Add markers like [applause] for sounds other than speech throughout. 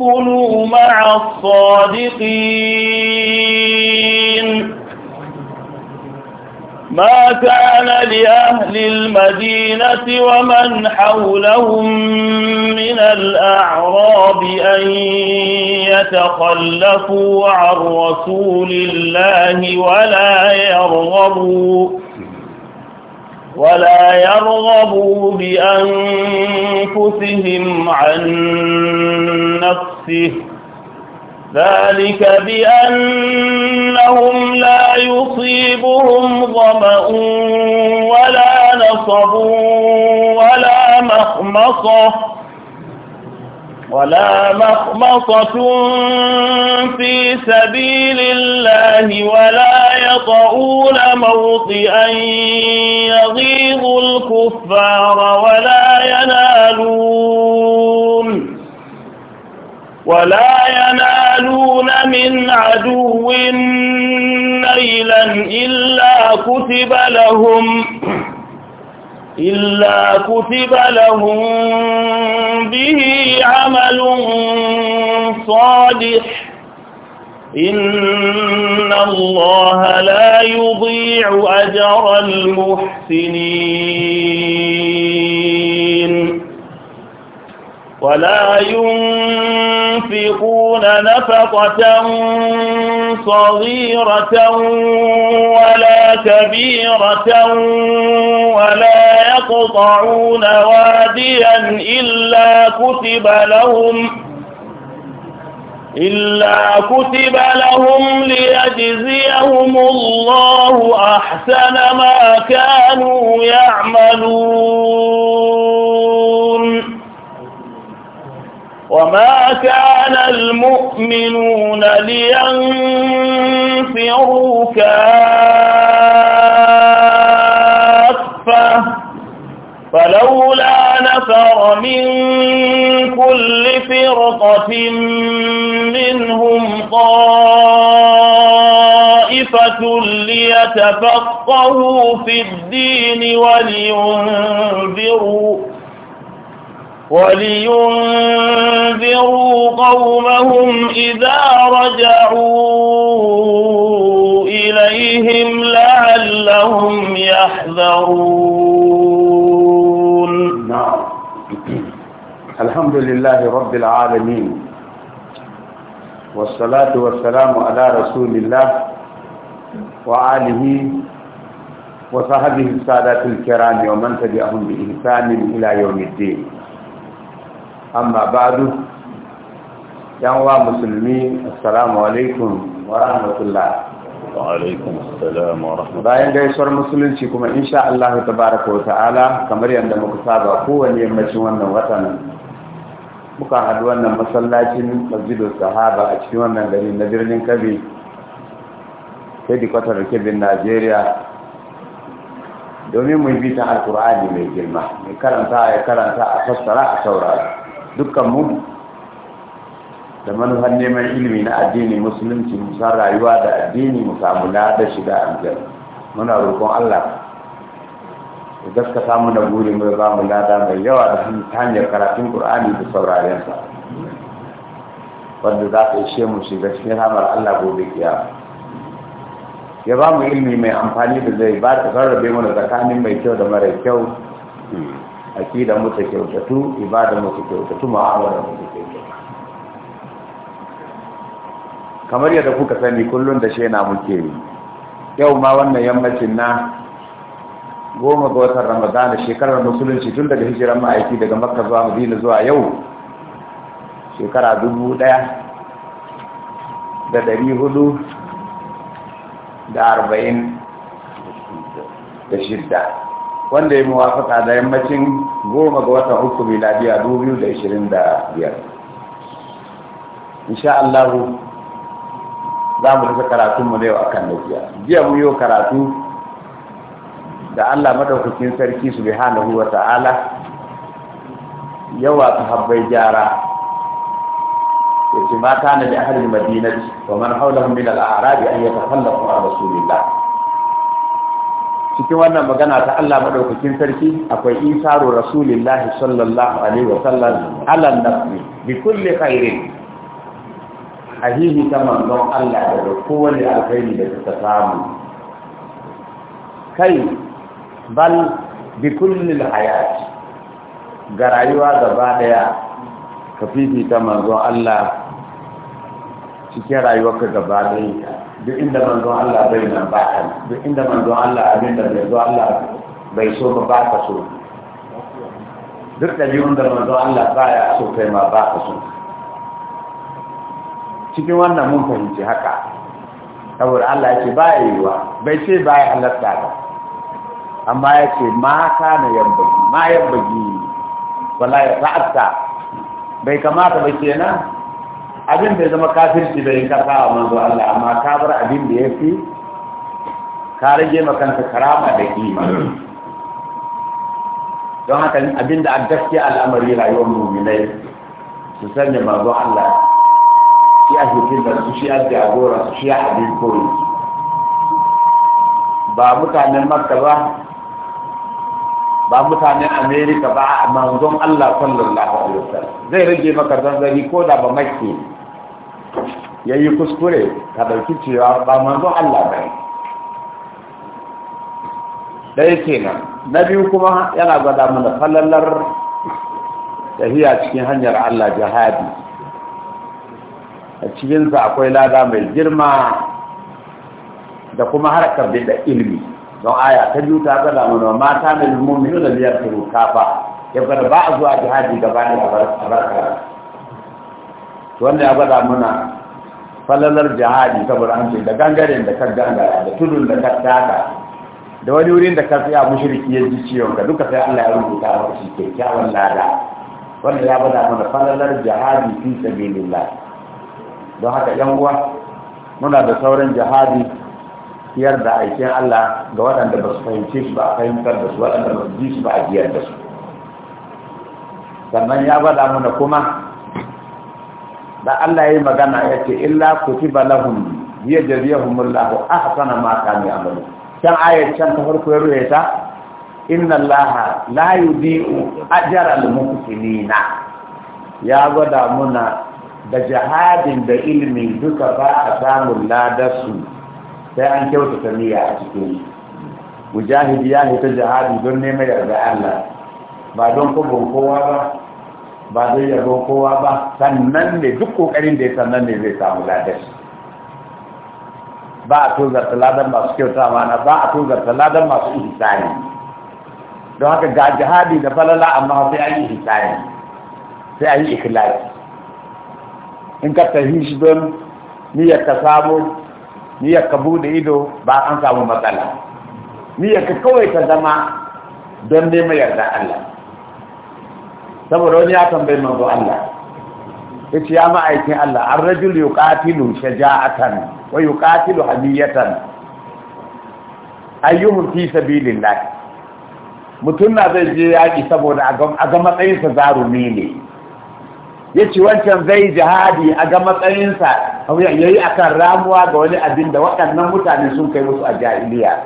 كونوا مع الصادقين ما كان لأهل المدينة ومن حولهم من الأعراب أن يتخلفوا عن رسول الله ولا يرغبوا ولا يرغبوا بأنفسهم عن نفسه ذلك بأنهم لا يصيبهم ظمأ ولا نصب ولا مخمصة ولا مخمصة في سبيل الله ولا يطعون موطئا يغيظ الكفار ولا ينالون ولا ينالون من عدو نيلا إلا كتب لهم إلا كتب لهم به عمل صالح إن الله لا يضيع أجر المحسنين ولا ينفقون نفقة صغيرة ولا كبيرة ولا يقطعون واديا إلا كتب لهم إلا كتب لهم ليجزيهم الله أحسن ما كانوا يعملون وما كان المؤمنون لينفروا كافة فلولا نفر من كل فرقة منهم طائفة ليتفقهوا في الدين ولينذروا ولينذروا قومهم إذا رجعوا إليهم لعلهم يحذرون نعم [clears throat] الحمد لله رب العالمين والصلاة والسلام على رسول الله وآله وصحبه السادات الكرام ومن تبعهم بإحسان إلى يوم الدين amma badu yan wa musulmi assalamu alaikum wa rahmatullah wa alaikum assalam wa rahmatullah bayan gaisuwar musulunci kuma insha Allah tabaraka wa ta'ala kamar yadda muka saba kowane yammacin wannan watan muka haɗu wannan masallacin masjidul sahaba a cikin wannan gari na birnin kabi hedikwatar kebin najeriya domin mu bi ta alkur'ani mai girma mai karanta ya karanta a fassara a saurara Dukkan mu da manufan neman ilimi na addini musulunci musan rayuwa da addini mu na da shiga aljanna muna roƙon Allah da gaskata mu da buri mai ba mu lada mai yawa da sun tanyar karatun Kur'ani da saurarensa wanda za ta ishe mu shiga cikin ramar Allah gobe kiya ya ba mu ilimi mai amfani da zai ba ta sarrafe mana tsakanin mai kyau da mara kyau hmm. akida mu ta kyautatu ibada mu ta kyautatu ma'amala mu ta kyautatu kamar yadda kuka sani kullum da shena muke yi yau ma wannan yammacin na goma ga watan ramadana shekarar musulunci tun daga hijiran ma'aiki daga makka zuwa madina zuwa yau shekara dubu daya da dari hudu da arba'in da shidda wanda ya muwafaka da yammacin goma ga watan uku miladiya biyar insha Allah za mu rufe karatunmu na yau a kan lafiya jiya mu yi karatu da Allah madaukakin sarki su subhanahu wa ta'ala yawa ta habbai gyara yace mata na da ahlul madinati wa man hawlahum min al-a'rab an yatakhallafu ala rasulillah cikin wannan magana ta Allah madaukakin sarki akwai isaru rasulillahi sallallahu alaihi wasallam Alal nafsi bi kulli khairin ahihi ta manzon Allah da kowane alkhairi da suka samu kai bal bi kulli hayat ga rayuwa gaba daya ka fifita manzon Allah cikin rayuwarka gaba dai duk inda manzo Allah bai nan ba ka duk inda manzo Allah abin da bai zo Allah bai so ba ba ka so duk ɗabi'un da manzo Allah ba ya so kai ma ba ka so cikin wannan mun fahimci haka saboda Allah ya ce ba ya yi wa bai ce ba ya halatta ba amma ya ce ma ka na yambagi ma yambagi wala ya ta'atta bai kamata ba kenan abin da ya zama kafirci bai karfa a manzo Allah amma ka bar abin da ya fi ka rage makanta karama da kima don haka abin da a al'amari rayuwar muminai su sanya manzo Allah shi a hukin da su shi a jagora su shi a abin koyi ba mutanen makka ba ba mutanen amerika ba a manzon Allah sallallahu alaihi wasallam zai rage maka zanzari ko da ba makke ya yi kuskure ka ɗauki cewa ba manzon Allah ba ne ɗaya kenan na biyu kuma yana gwada mana falalar tafiya cikin hanyar Allah jihadi a cikinsa akwai lada mai girma da kuma harkar da ilmi don aya ta biyu ta gada mana mata da yau da biyar ruka kafa ya gwada ba a zuwa jihadi gabanin a barka wanda ya gwada mana falalar jihadi saboda an ce da gangaren da kan gangara da tudun da ka taka da wani wurin da ka tsaya mushriki ya ji ciwon ka duka sai Allah ya rubuta a shi kyakkyawan lada wanda ya bada mana falalar jihadi fi sabilillah don haka yan uwa muna da sauran jihadi ciyar da aikin Allah ga waɗanda ba su fahimce shi ba a fahimtar da su waɗanda ba su ji shi ba a jiyar da su sannan ya bada mana kuma da Allah ya yi magana ya ce illa kutiba lahum yajziyahumullahu ahsana ma kanu ya'malu can ayat can ta farko ya ruwaye ta inna allaha la yudhi'u ajra al-muhsinina ya gwada muna da jihadin da ilimi duka ba a samun ladarsu sai an kyautata niyya a cikin mujahidi ya ta jihadi don neman yarda Allah ba don kubun kowa ba ba zai yabo kowa ba sannan ne duk kokarin da ya sannan ne zai samu ladar ba a tozarta ladar masu kyauta mana ba a tozarta ladar masu ihisani don haka ga jihadi da falala amma sai an yi ihisani sai an yi ikhlasi in ka tafi shi don niyyar ka samu niyyar ka bude ido ba an samu matsala niyyar ka kawai ta zama don neman yarda Allah saboda wani ya tambayi manzo Allah yace ya ma'aikin Allah an rajul yuqatilu shaja'atan wa yuqatilu hamiyatan ayyuhum fi lillahi. mutum na zai je yaki saboda a ga matsayinsa zarumi ne Ya yace wancan zai jihadi a ga matsayinsa yayi akan ramuwa ga wani abin da waɗannan mutane sun kai musu a jahiliya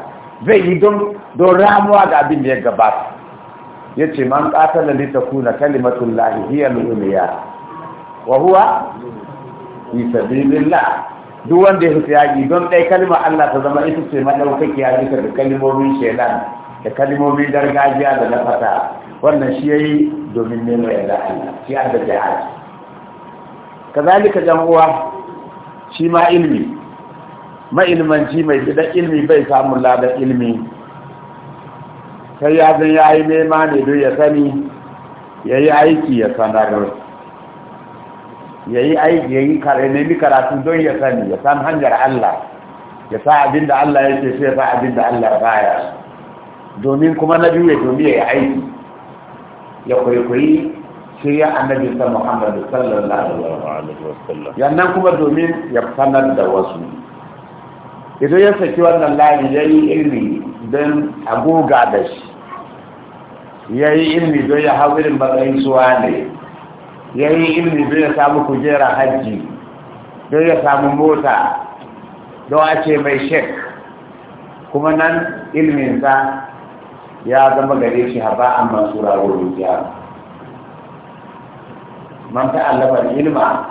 zai yi don ramuwa ga abin da ya gabata yace man qatala li takuna kalimatullahi hiya al-ulya wa huwa fi sabilillah duk wanda ya fita yaki don dai kalma Allah ta zama ita ce madaukaki ya rika da kalmomin shedan da kalmomin gargajiya da na fata wannan shi yayi domin Ya yarda Allah shi adda da kazalika jan uwa shi ma ilmi ma ilmanci mai bidan ilmi bai samun ladan ilmi sai ya zan ya yi nema ne don ya sani ya yi aiki ya sanar ya yi aiki ya yi nemi karatu don ya sani ya san hanyar Allah ya sa abin da Allah ya ce sai ya sa abin da Allah baya domin kuma na biyu ya domin ya yi aiki ya kwaikwayi shirya annabi ta Muhammad sallallahu alaihi wasallam yannan kuma domin ya sanar da wasu idan ya saki wannan layi ya yi ilmi don agoga da shi Yayi ilmi do ya hau irin matsayin suwa ne ya yi ilmi don ya samu kujera hajji don ya samu mota don a mai shek kuma nan ilminsa ya zama gare shi haba an masu rawar rujiya man allafar ilma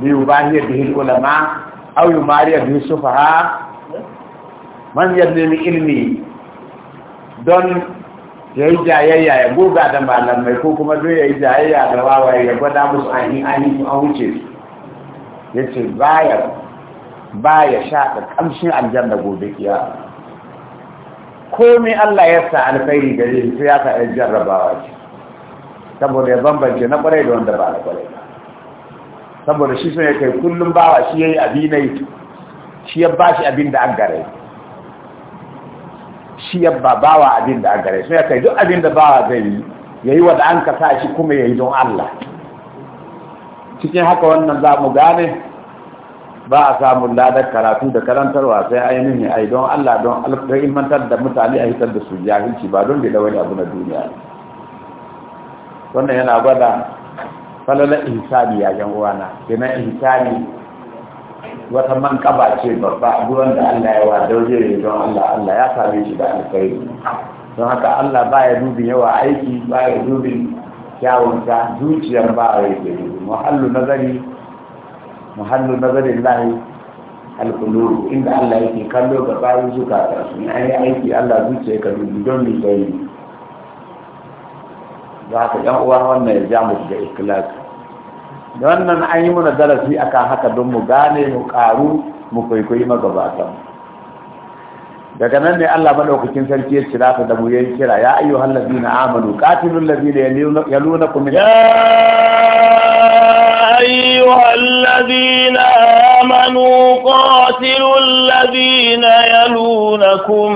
biyu bahiyar hin ulama aw yumariya bihi sufaha man yadda ilmi don ya yi jayayya ya goga da malamai ko kuma zo ya yi jayayya da wawaye ya gwada musu ainihin ainihin an wuce ya ce ba ya da ƙamshin aljanna gobe kiya komai Allah ya sa alfairi zai su ya sa yan jarrabawa ce saboda ya bambance na ƙwarai da wanda ba na ƙwarai saboda shi sun ya kai kullum bawa shi ya yi abinai shi ya ba shi abin da an gare shi yabba bawa abin da agare su ya kai duk abin da bawa zai yi ya yi wadda an kasa shi kuma ya yi don Allah cikin haka wannan za mu gane ba a samu ladar karatu da karantarwa sai ainihin a don Allah don alfahimantar da mutane a hitar da su jahilci ba don da wani abu na duniya wannan yana gwada falalar ihsani ya yan uwana na ihsani wata mankaba ce babba duwan da Allah ya wa ne don Allah Allah ya same shi da alkhairi don haka Allah ya dubin yawa aiki baya dubin ta zuciyar ba a yake muhallu nazari muhallu nazari Allah alkulu inda Allah yake kallo ga bayu zukata su na yi aiki Allah zuciya ka dubi don mi sai za ka yan uwa wannan ya ja mu da ikhlasi wannan an yi muna darasi akan haka don mu gane mu karu mu kwaikwayi magabatan daga nan ne Allah madaukakin sarki ya kira ta da mu yayin kira ya ayu ladina amanu qatilul ladina yalunakum min ya ayyuhal ladina amanu qatilul ladina yalunakum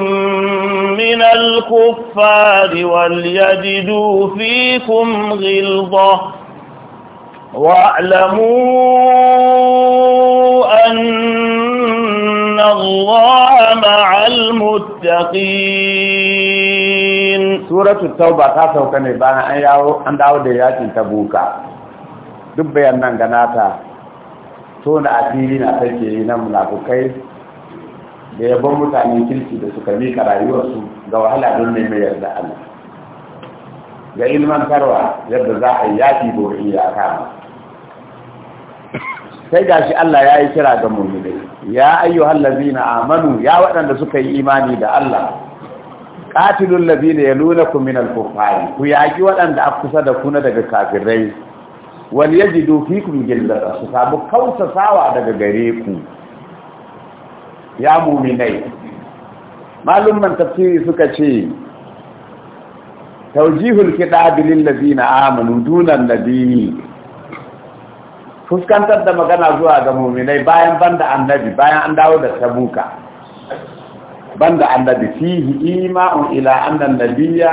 min al-kuffari wal yajidu fiikum واعلموا أن الله مع المتقين سورة التوبة تاسو كان يبانا أن يأو أن دعو ديات تبوكا دبيا نانغاناتا tona a fili na sarki yi na munafukai da yabon mutane kirki da suka mika rayuwarsu ga wahala don neman yarda Allah ga ilmantarwa yadda za a yi yaki gobe a kama sai gashi Allah ya yi kira ga mu'minai ya ayyuhal ladzina amanu ya waɗanda suka yi imani da Allah qatilul ladzina yalunakum minal kuffari ku yaƙi waɗanda a kusa da kuna daga kafirai wal yajidu fikum gillata su samu kausasawa daga gare ku ya mu'minai malumman tafsiri suka ce kiɗa kitabi lil ladzina amanu dunan ne. fuskantar da magana zuwa ga muminai bayan banda annabi bayan an dawo da tabuka banda annabi fihi ima'un ila annan nabiyya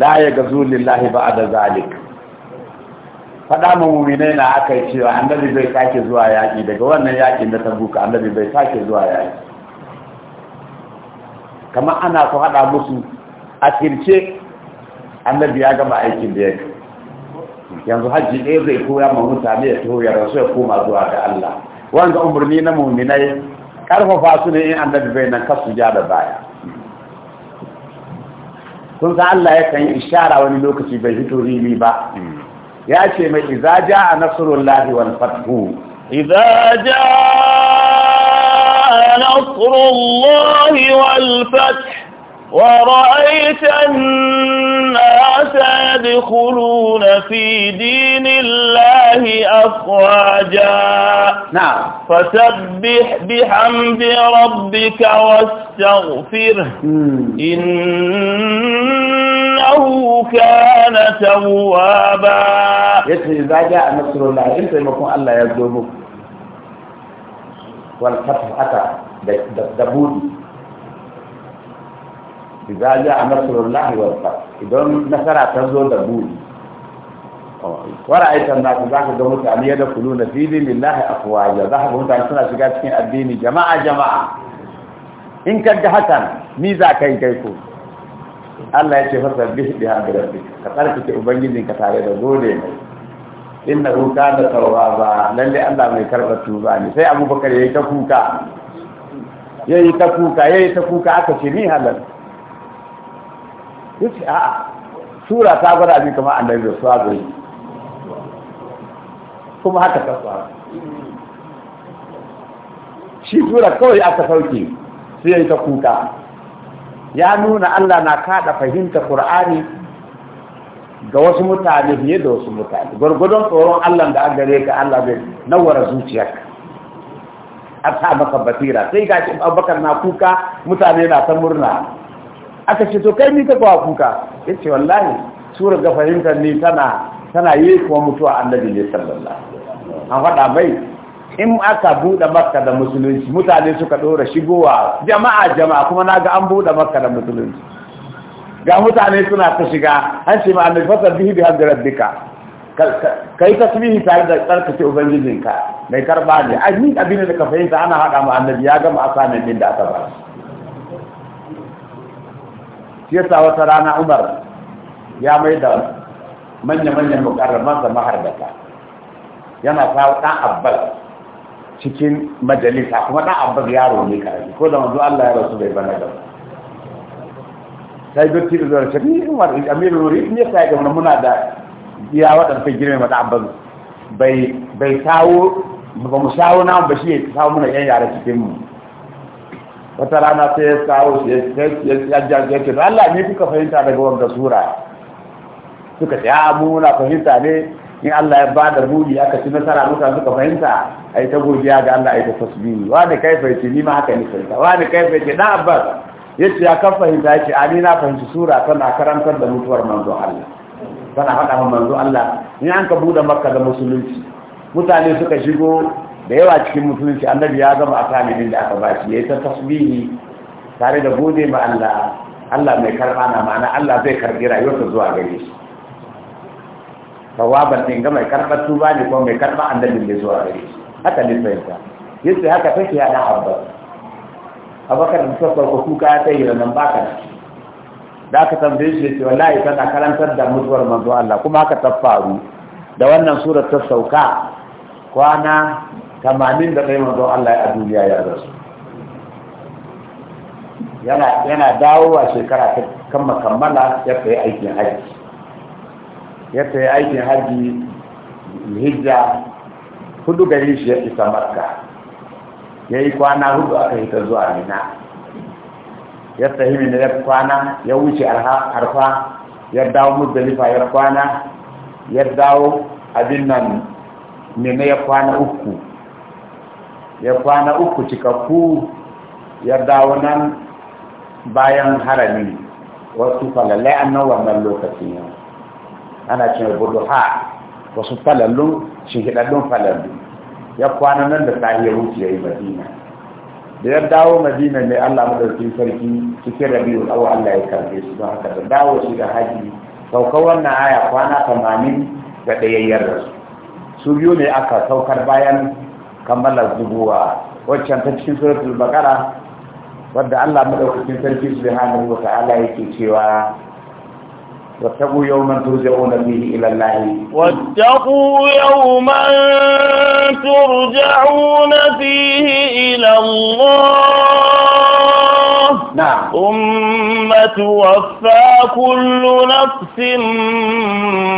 la gazu lillahi da zalik fada mu muminai na yi cewa annabi bai sake zuwa yaƙi daga wannan yakin da tabuka annabi bai sake zuwa yaƙi. kamar ana ku haɗa musu kirce annabi ya gama aikin da ya yake yanzu hajji ɗaya zai koya ma mutane ya taho ya rasu ya koma zuwa ga Allah wanda umarni na muminai karfafa su ne in annabi bai nan kasu ja da baya kun san Allah yakan yi ishara wani lokaci bai fito rili ba ya ce mai idza jaa nasrullahi wal fathu idza jaa nasrullahi wal fathu ورأيت الناس يدخلون في دين الله أفواجا نعم فسبح بحمد ربك واستغفره إنه كان توابا يسري إذا جاء نصر الله إنت يكون الله يبدو والفتح أتى دبودي idza a nasrullahi wal fath idan nasara ta zo da buri wara'aita na za ka ga mutane ya da kuluna fi dinillahi za ka ga mutane suna shiga cikin addini jama'a jama'a in ka ga hakan ni za ka yi kai ko Allah ya ce fa sabbih biha bi rabbika ka tsarkake ubangijin ka tare da gode mai inna da kana ba lalle Allah mai karba tuba ne sai Abubakar yayi ta kuka yayi ta kuka yayi ta kuka aka ce ni halal yace a'a sura ta gwada abin kamar annabi da suwa zai kuma haka ta suwa shi sura kawai aka sauke sai ya yi ta kuka ya nuna Allah na kada fahimta Kur'ani ga wasu mutane fiye da wasu mutane gwargwadon tsoron Allah da an gare ka Allah zai nawara zuciyarka a sa maka basira sai ga shi abubakar na kuka mutane na ta murna aka ce to kai ni ta kwa kuka ce wallahi surar ga fahimtar ne tana tana yi kuma mutuwa annabi ne sallallahu an faɗa mai in aka buɗe makka da musulunci mutane suka ɗora shigowa jama'a jama'a kuma na ga an buɗe makka da musulunci ga mutane suna ta shiga an ce ma annabi fasar bihi bi hadda rabbika kai tasbihi tare da tsarkake ubangijinka mai karɓa ne a ni abin da ka fahimta ana haɗa ma annabi ya gama asanin din da aka ba shi yasa wata rana umar ya mai da manya-manyan mukarramansa maharbata yana sa ɗan abbas cikin majalisa kuma ɗan abbas yaro ne karfi ko da wanzu allah ya rasu bai bana da sai duk tiri zuwa shi umar amiru nuri ne sa ya muna da ya waɗanda girme mata abbas bai kawo ba mu shawo na ba shi ya kawo muna yan yara cikin mu wata rana sai ya kawo shi ya jajjace to Allah ne kuka fahimta daga wanda sura suka ce a mu muna fahimta ne in Allah ya bada buɗi aka ci nasara mutane suka fahimta a yi ta godiya ga Allah a yi ta tasbihi wani kai fahimci ni ma haka ni fahimta wani kai fahimci na abbas yace ya kan fahimta yace a ni na fahimci sura tana karantar da mutuwar manzo Allah tana faɗa manzo Allah Ni an ka buɗe makka da musulunci mutane suka shigo da yawa cikin musulunci annabi ya gama asalin da aka ba shi yi ta tasbihi tare da gode ma Allah Allah mai karba na ma'ana Allah zai karbi rayuwarsa zuwa gare shi tawaban din ga mai karbar tuba ne ko mai karba annabin ne zuwa gare shi haka ne sai ta yace haka take ya yana abba abakar da suka ko kuka ya tayi nan baka da aka tambaye shi yace wallahi tana karantar da mutuwar manzo Allah kuma haka ta faru da wannan surar ta sauka kwana tamanin da ɗaya manzon Allah ya a duniya ya rasu yana yana dawowa shekara ta kama kammala ya tafi aikin haji ya tafi aikin haji hijja hudu gari shi ya isa makka ya yi kwana hudu aka hita zuwa mina ya tafi mina ya kwana ya wuce arfa ya dawo muzdalifa ya kwana ya dawo abin nan mina ya kwana uku ya kwana uku cikakku ya dawo nan bayan harami wasu falalai annan wannan lokacin yau ana cin buduha wasu falallun shihidaddun falallu ya kwana nan da sahi ya wuce ya yi madina da ya dawo madina ne allah madaukin sarki cikin rabiu awa allah ya karbe su don haka da dawo shi da haji saukar wannan aya kwana tamanin da ɗayayyar rasu su biyu ne aka saukar bayan kammala zubuwa waccan ta cikin suratul baqara wadda Allah madaukakin sarki subhanahu wa ta'ala yake cewa واتقوا يوما ترجعون فيه إلى الله واتقوا يوما ترجعون فيه إلى الله نعم ثم توفى كل نفس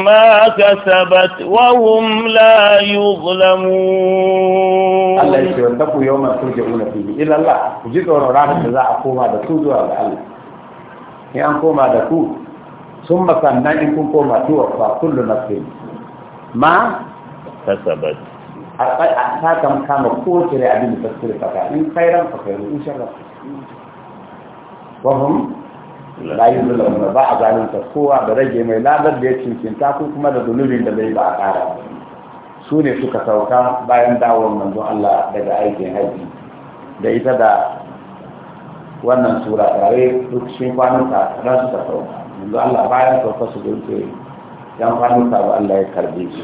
ما كسبت وهم لا يظلمون الله يشهد لك يوم ترجعون فيه الى الله جئت ورا راحت ذا اقوم هذا تو الله يا اقوم ثم كان نجيكم قوم توفى كل نفس ما كسبت حتى كم كان كل شيء ابي تفسير فقط ان خيرا فخير ان شاء الله wahum da yuzlamu ba a zalunta kowa da rage mai ladar da ya cincinta ko kuma da zunubin da zai ba a ƙara su ne suka sauka bayan dawon manzon Allah daga aikin haji da ita da wannan sura tare duk cikin kwanuka ran suka sauka manzon Allah bayan sauka su gunce yan kwanuka ba Allah ya karbe shi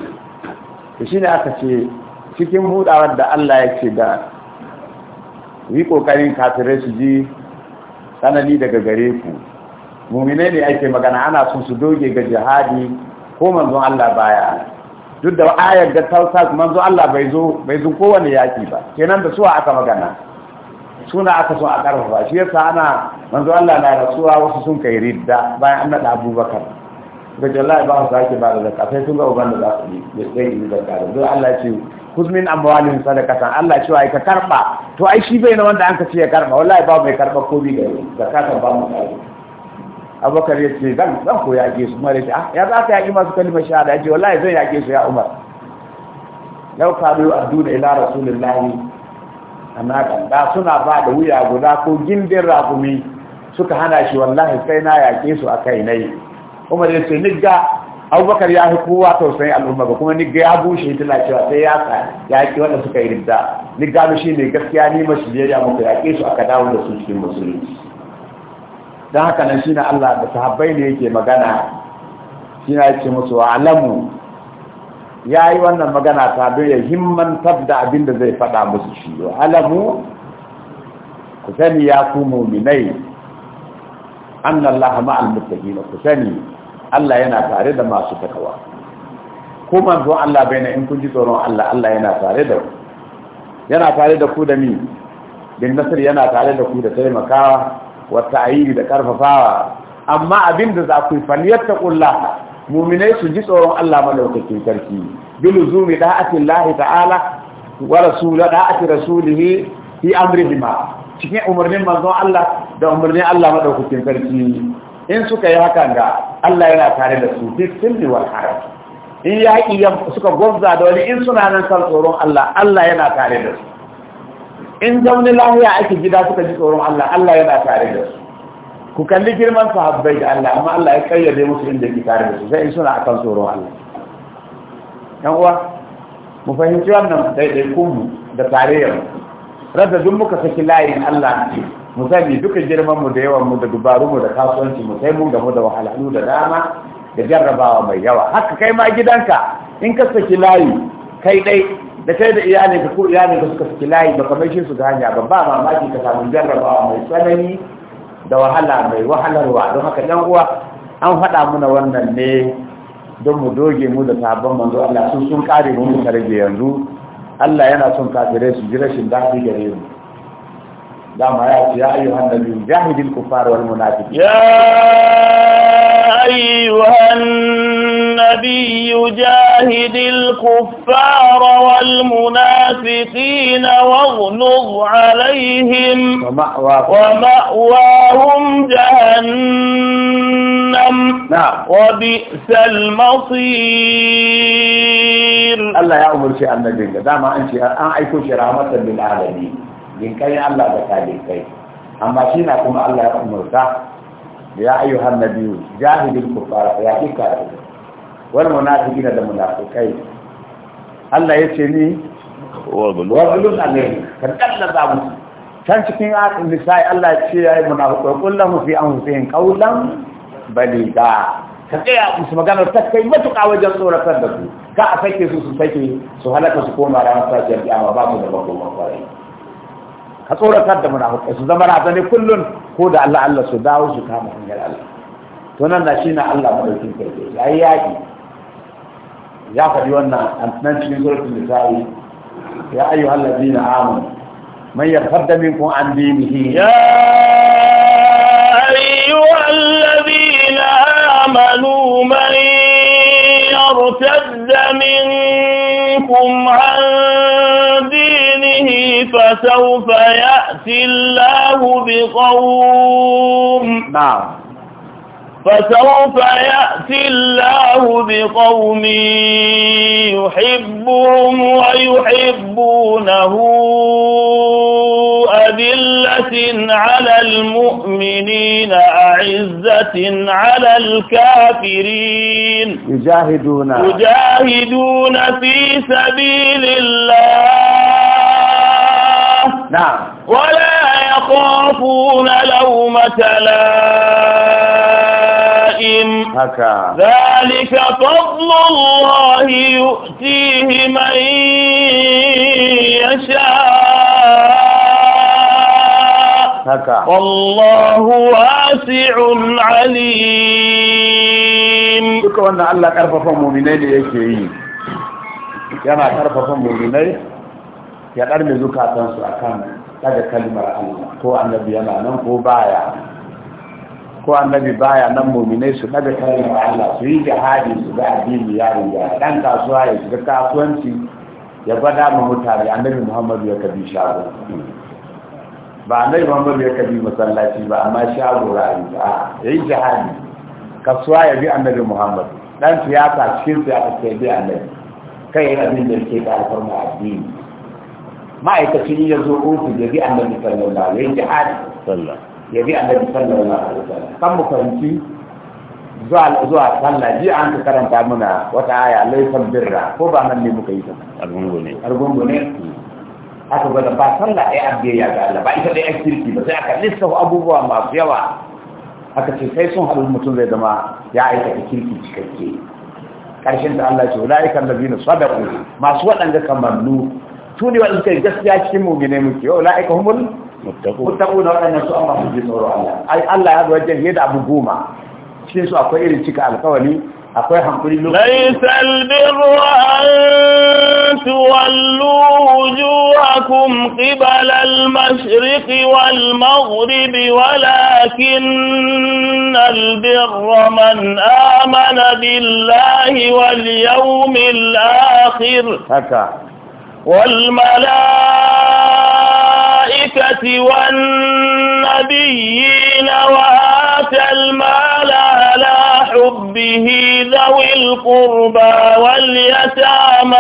to shine aka ce cikin budawar da Allah ya ce da yi kokarin kafirai su ji tsanani daga gare ku mumine ne ake magana ana sun su doge ga jihadi ko manzon Allah baya duk da ayar da ta sa manzon Allah bai zo bai zo kowane yaki ba kenan da suwa aka magana suna aka so a karfafa shi yasa ana manzon Allah na rasuwa wasu sun kai ridda bayan an nada Abubakar daga Allah ba su sake ba da zakka sai sun ga uban da su yi sai da zakka da Allah ya ce kuzmin amwalin sadakatan Allah cewa ka karba to ai shi bai na wanda an ka ce ya karba wallahi ba mai karba ko bi gari zakatan ba mu karba abubakar ya ce zan zan ko yaƙe su mara ce ah, ya za ka yaƙi masu kalmar shahada ya ce wallahi zan yaƙe su ya umar yau kalu aduna ila rasulillahi kan da suna ba da wuya guda ko gindin rafumi suka hana shi wallahi sai na yaƙe su a kai nai umar ya ce nigga abubakar ya fi kowa tausayin al'umma ba kuma ni ga ya bushe na cewa sai ya sa ya ki wanda suka yi ridda ni gano shi ne gaskiya ni mashi biyayya muka yaƙe su aka dawo da su cikin musulunci don haka nan na Allah da sahabbai ne yake magana shi na yake musu wa alamu ya yi wannan magana ta don ya himmantar da abin da zai faɗa musu shi wa alamu ku sani ya ku muminai an ma'al muttaqin ku sani Allah yana tare da masu takawa ko manzo Allah bai na in kun ji tsoron Allah Allah yana tare da ku yana tare da ku da mi bin nasir yana tare da ku da taimakawa wa ta'ayyiri da karfafawa amma abin da za ku falyattaqullah mu'minai su ji tsoron Allah madaukakin sarki biluzumi da'atillahi ta'ala wa rasul da'ati rasulihi fi amrihima cikin umarnin manzon Allah da umarnin Allah madaukakin sarki in suka yi hakan ga Allah yana tare da su fi sirri wal haram in yaƙi suka gwabza da wani in suna nan kan tsoron Allah Allah yana tare da su in zaune lahiya ake gida suka ji tsoron Allah Allah yana tare da su ku kalli girman sahabbai da Allah amma Allah ya kayyade musu inda yake tare da su sai in suna akan tsoron Allah yan uwa mu fahimci wannan daidai mu da tarayyar mu radda duk muka saki layin Allah mu sani duka girman mu da yawan mu da dubaru mu da kasuwanci mu sai mun gamu da wahalhalu da dama da jarrabawa mai yawa haka kai ma gidanka in ka saki layi kai dai da kai da iyalinka ko iyalinka suka saki layi ba kamar shi su ga hanya ba ba mamaki ka samu jarrabawa mai tsanani da wahala mai wahalarwa don haka ɗan uwa an faɗa muna wannan ne don mu doge mu da sabon manzo Allah sun sun kare mu mu rage yanzu Allah yana son kafirai su ji rashin daɗi gare mu دعما يأتي يا أيها النبي جاهد الكفار والمنافقين يا أيها النبي جاهد الكفار والمنافقين واغلظ عليهم ومأواهم جهنم نعم. وبئس المصير الله يا أمر شيء النبي دعما أنت أعيكم شرامة للعالمين jinkarin Allah da kai, amma shi na kuma Allah ya umurta ya ayyuhan jahilin ku fara ya kika wal munafiqina da munafiqai Allah ya ce ni wazulun alayhi kan kalla za mu can cikin akin nisa'i Allah ya ce yayi munafiqai kullahu fi anfusihim qawlan balida ka tsaya musu maganar ta kai matuƙa wajen tsoratar da su ka a sake su su sake su halaka su koma ranar sajiyar kiyama ba su da bakon kwarai ka tsoratar da munafukai su zama razane kullum ko da Allah Allah su dawo su kama hanyar Allah to nan na shi na Allah madaukin kai ya yi yaƙi ya faɗi wannan nan cikin suratul nisa'i ya ayyuhal ladina amanu man yarfadda minkum an dinihi ya ayyuhal ladina amanu man yarfadda minkum يضلكم عن دينه فسوف يأتي الله بقوم نعم فسوف يأتي الله بقوم يحبهم ويحبونه أذلة على المؤمنين أعزة على الكافرين يجاهدون يجاهدون في سبيل الله نعم ولا يخافون لومة لائم هكا ذلك فضل الله يؤتيه من يشاء هكا والله واسع عليم شكرا لعلك Allah مؤمنين mu'minai ne yana karfafa muminai ya ɗarme zukatansu a kan daga kalmar Allah ko annabi yana nan ko baya ko annabi baya nan muminai su daga kalmar Allah su yi jihadi su ga addini ya riga dan kasuwa ya shiga kasuwanci ya gwada ma mutane annabi Muhammadu ya kabi shago ba annabi Muhammadu ya kabi masallaci ba amma shago ra'ayi a yi jihadi kasuwa ya bi annabi Muhammadu dan siyasa cikin siyasa sai bi annabi kai yin abin da ke da alfarma addini ma'aikaci ya zo ofis ya bi annabi sallallahu alaihi wasallam ya ji sallah ya bi annabi sallallahu alaihi wasallam kan mu fahimci zuwa zuwa sallah ji an ka karanta muna wata aya laifin birra ko ba nan ne muka yi ta argungu ne argungu ne aka gwada ba sallah ɗaya ya ga Allah ba ita ɗaya kirki ba sai aka lissafa abubuwa masu yawa aka ce sai sun haɗu mutum zai zama ya aikata kirki cikakke ƙarshen ta Allah ce da zina sadaku masu waɗanda kamallu su ne waɗanda kai gaskiya cikin gine muke wa ulaika humul na waɗanda su amma su ji tsoro Allah ai Allah ya zuwa jan yadda abu goma cikin su akwai irin cika alkawari akwai hankuri lokaci laisal birru an tuwallu wujuhakum qibala al-mashriq wal maghrib walakin al-birr man amana billahi wal yawmil akhir haka والملائكة والنبيين وآتى المال على حبه ذوي القربى واليتامى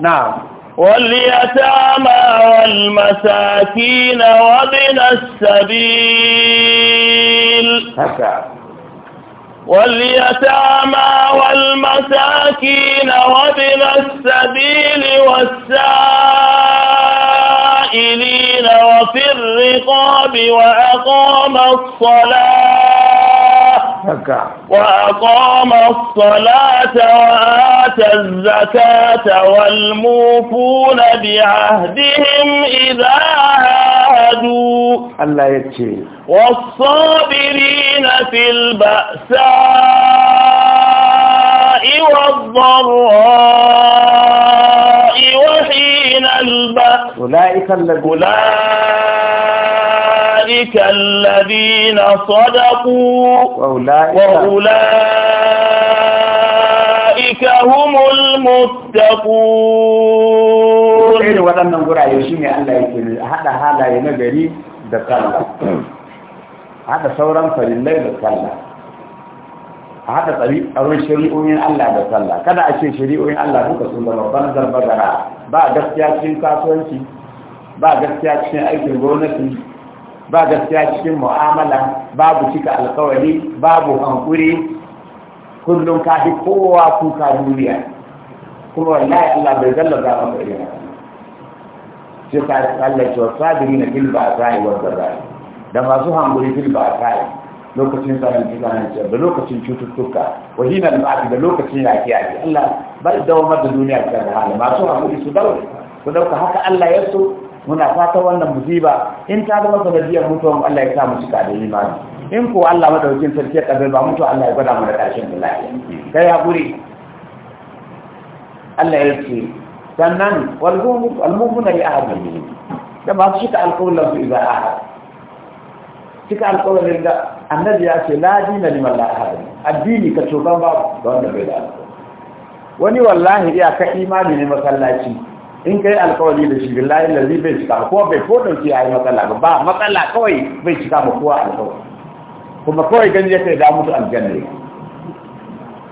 نعم واليتامى والمساكين وابن السبيل هكذا واليتامى والمساكين وابن السبيل والسائلين وفي الرقاب وأقام الصلاة وأقام الصلاة وآتى الزكاة والموفون بعهدهم إذا عاهدوا الله يتشير والصابرين في البأساء والضراء وحين البأس أولئك, أولئك الذين صدقوا وأولئك, وأولئك هم المتقون أولئك نقول على يوشيني هذا هذا ينبري بقلة هذا صورا فلله بقلة a haɗa tsari a ruwan shari'o'in Allah da sallah kada a ce shari'o'in Allah duka sun zama banzar bagara ba gaskiya cikin kasuwanci ba gaskiya cikin aikin gwamnati ba gaskiya cikin mu'amala babu cika alkawari babu hankuri kullum ka fi kowa kuka duniya kuma wallahi Allah bai gallaza maka irin haka sai ka tsallace wasu wa sabiri na fil ba'sa'i wa dharra'i da masu hankuri a ba'sa'i lokacin zanen zanen da lokacin cututtuka wahina al-ba'd da lokacin yaki yaki Allah bar dawamar da duniya ta halala masu hakuri su daure ku dauka haka Allah ya so muna fata wannan musiba in ta zama sanadiyar mutuwan Allah ya sa mu cika da imani in ko Allah madaukin sarki ya kadar ba mutu Allah ya gwada mu da karshen da lafiya kai hakuri Allah ya ce sannan wal mu'minu al mu'minu li ahadihi da ba su cika alqawlan su idza ahad cika alƙawarin da annabi ya ce la dina liman la ahadi addini ka cokan ba da wanda bai da wani wallahi ya ka imani ne masallaci in ka yi alƙawari da shi billahi lazi bai cika ko bai ko dauki yayi matsala ba matsala kawai bai cika ba kowa alƙawari kuma kawai gani ya kai da mutu aljanna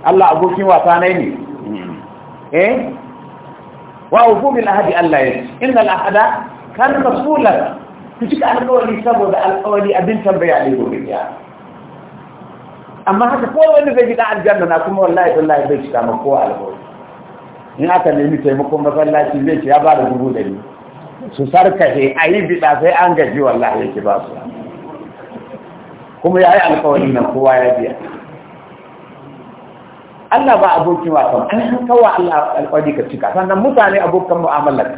Allah abokin wasa ne ne eh wa ufubil ahadi Allah ya ce innal ahada kan rasulan ku cika alƙawari saboda alƙawari abin tambaya ne gobe ya amma haka ko wanda zai gida aljanna na kuma wallahi wallahi bai cika ma kowa alƙawari in aka nemi taimakon masallaci zai ce ya ba da dubu dari su sai a yi biɗa sai an gaji wallahi yake ba su kuma ya yi alƙawari na kowa ya biya Allah ba abokin wasan an kawo Allah alƙawari ka cika sannan mutane abokan mu'amalar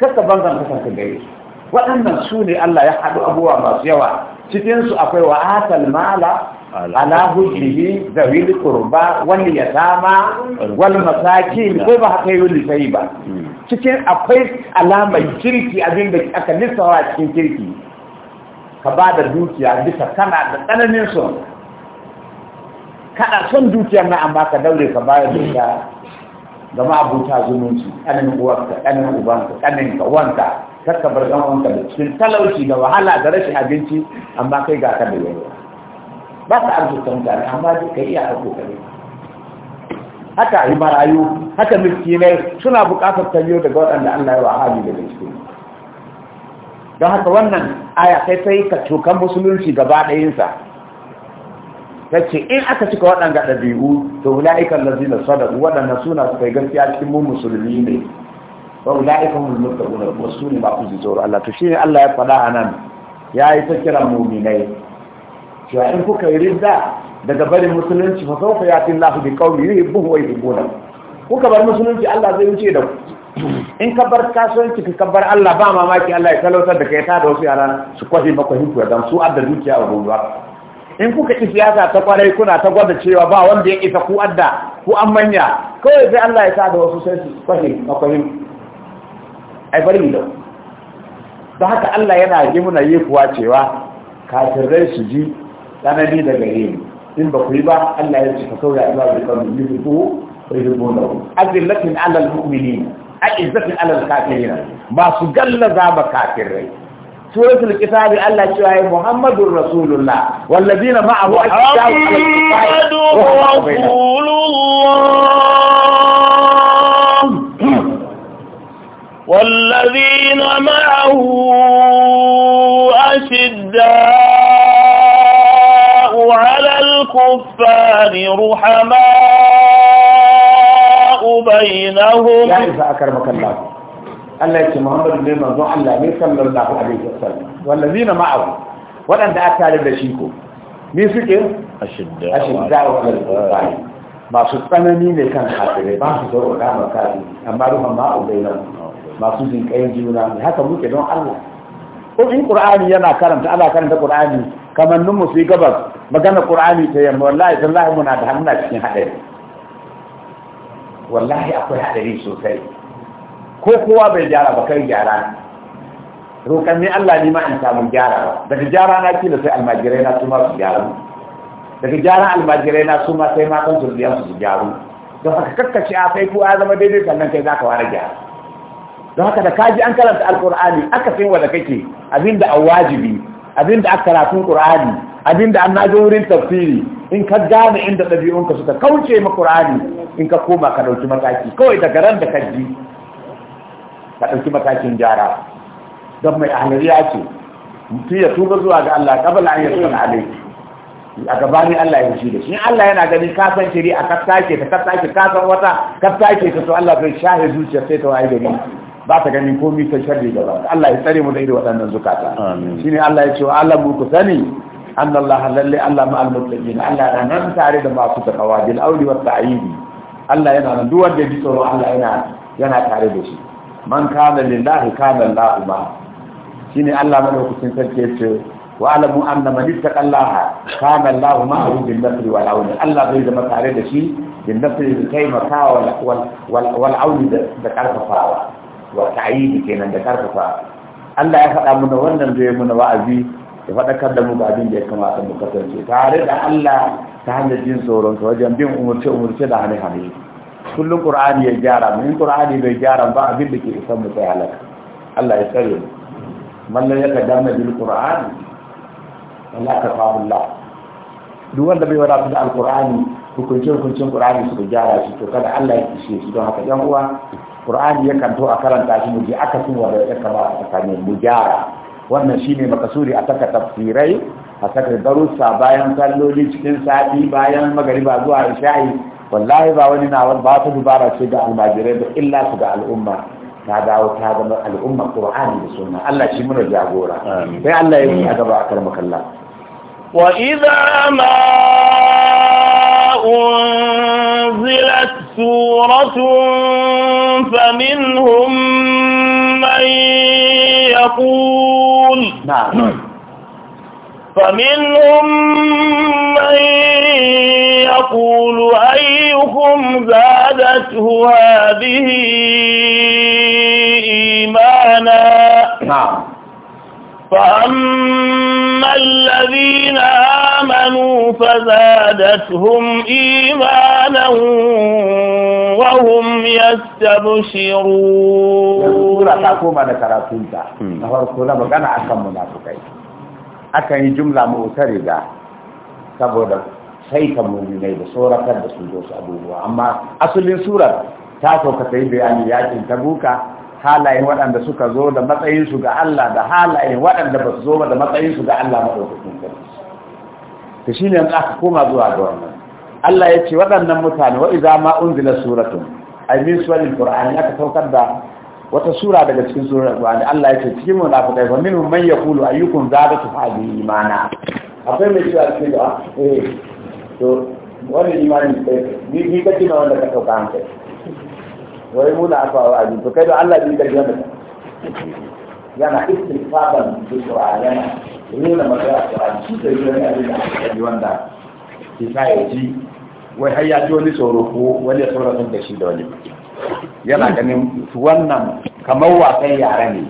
kasa banzan kasance gare shi waɗannan su ne Allah ya haɗu abubuwa masu yawa cikinsu akwai wa atal mala ala hujjihi da wili kurba wani ya dama wal masaki ko ba haka yi wani sai ba cikin akwai alamar kirki abin da aka lissawa cikin kirki ka ba da dukiya bisa kana da tsananin son kana son dukiya na amma ka daure ka bayar da ita gama abuta zumunci ƙanin uwarka ƙanin ubanka kanin kawanka. kakka bar dan uwanka da cikin talauci da wahala da rashin abinci amma kai ga ka da yawa ba ka arzuta mutane amma duk ka iya ɗauko kare haka yi marayu haka miskinai suna buƙatar tabiyo daga waɗanda Allah ya wahali hali daga cikin don haka wannan aya sai ta yi ka cokan musulunci gaba ɗayinsa ta ce in aka cika waɗanda ɗabi'u to wula'ikan lazina sadar waɗanda suna su kai gaskiya cikin mu musulmi ne wa ula'ika hum al-muttaqun wa ba ma tsoro Allah to shi ne Allah ya faɗa a nan ya yi ta kira mu'minai cewa in kuka yi ridda daga barin musulunci fa sawfa yati Allahu bi yi buhu wai buhuna kuka bar musulunci Allah zai wuce da ku in ka bar kasuwanci ka bar Allah ba mamaki Allah ya talautar da kai ta da wasu yara su kwashe makwahin ku dan su adda dukiya a gobe in kuka ki siyasa ta kwarai kuna ta gwada cewa ba wanda ya isa ku adda ku an manya kawai sai Allah ya sa da wasu sai su kwashi makwahin ai bari mu da haka Allah yana yi muna yi kuwa cewa kafirai su ji tsanani da gare ni in ba ku yi ba Allah ya ce ka kauya zuwa ga kan yi ku ko yi ku da azillatin alal mu'minin a'izzatin alal kafirin masu gallaza ba kafirai suratul kitabi Allah cewa ya Muhammadur Rasulullah wallazina ma'ahu al-kitabu al-kitabu والذين معه أشداء على الكفار رحماء بينهم يعني فأكرمك أكرمك الله الله يكي محمد بن منظور الله صلى الله عليه وسلم والذين معه ولن تأتى لبشيكم ni suke ashidda masu tsanani ne kan kafirai ba su كان kama kafi amma ruhan ma'u bai بينهم masu jinƙayin juna ne haka muke don Allah ko in Qur'ani yana karanta ana karanta Qur'ani kamar nun musu gabas magana Qur'ani ta yamma wallahi sallahu muna da hannu cikin hadari wallahi akwai hadari sosai ko kowa bai gyara ba kai gyara rokan ne Allah ne ma in samu gyara ba daga gyara na kila sai almajirai na su ma su gyaru daga gyara almajirai na su ma sai matan su su gyaru don haka kakkace a sai kowa zama daidai sannan kai za ka ware gyara don haka da kaji an karanta alkur'ani aka san wanda kake da a wajibi da aka karatun abin da an naje wurin tafsiri in ka gane inda dabi'unka suka kauce ma qur'ani in ka koma ka ɗauki mataki kawai daga ran da kaji ka ɗauki matakin gyara don mai ahlariya ce mutum ya tuba zuwa ga Allah kabala an yarsa alaihi a gabani Allah ya shi da shi Allah yana gani ka san shiri a ka ta ka take ka san wata ka ta to Allah bai shahe zuciya sai ta waye gari ba ta ganin komi ta sharri gaba Allah ya tsare mu da irin waɗannan zukata shine Allah ya ce wa mu ku sani anna Allah lalle Allah ma'al muttaqin Allah yana nan tare da masu takawa bil auli wat ta'idi Allah yana nan duk wanda ya ji tsoro Allah yana yana tare da shi man kana lillahi kana Allahu ma shine Allah ma madaukakin sarki ya ce wa alamu anna man ittaqallaha kana Allahu ma'ahu bin nasri wal auni Allah bai zama tare da shi bin nasri da taimakawa wal wal auni da karfafawa wa ta'ayi kenan da karfafa Allah ya faɗa muna wannan zai muna wa'azi ya faɗakar da mu ga abin da ya kamata mu kasance tare da Allah ta hanyar jin tsoron sa wajen bin umurce umurce da hane hane kullum qur'ani ya gyara mu in qur'ani bai gyara ba abin da ke isan mu sai halaka Allah ya tsare mu man la yakadama bil qur'an Allah ta fa'ala duk wanda bai wada da alqur'ani hukunce hukuncin kur'ani su gyara shi to kada Allah ya kishe shi don haka yan uwa kur'ani ya kanto a karanta shi mu ji aka sun wa da ya a tsakanin mu gyara wannan shine makasuri a saka tafsirai a saka darussa bayan salloli cikin sati bayan magariba zuwa isha'i wallahi ba wani na ba ta dubara ce ga almajirai da illa su ga al'umma ta dawo ta zama al'umma Qur'ani da sunna Allah shi muna jagora sai Allah ya yi a gaba a karmakallah wa idza ma أنزلت سورة فمنهم من يقول نعم فمنهم من يقول أيكم زادته هذه إيمانا نعم فأما الذين آمنوا فزادتهم إيمانا وهم يستبشرون سورة تقوم على كراتونتا نهاركونا مغانا أكام منافقين أكام جملة مؤتردة saboda saita mulmai da tsoratar da su zo su abubuwa amma asalin surar ta sauka ta yi bayani yakin tabuka halayen waɗanda suka zo da matsayinsu ga Allah da halayen waɗanda ba su zo da matsayinsu ga Allah maɗaukakin sarki ta shi ne aka koma zuwa ga wannan Allah ya ce waɗannan mutane wa iza ma unzila suratun ai min suwanin qur'ani aka saukar da wata sura daga cikin surar qur'ani Allah ya ce cikin munafiqai fa minhum man yaqulu ayyukum tu hadhihi imana akwai mai cewa cikin da ah, eh to wani imani ne eh, ni kake na wanda ka sauka wai muna aka wa abin to kai da Allah bai karbi mata yana istifaban a yana ne magana Qur'ani shi da yana da aka yi wanda shi sai ya ji wai har ya ji wani tsoro ko wani tsoro din da shi da wani yana ganin wannan kamar wasan yara ne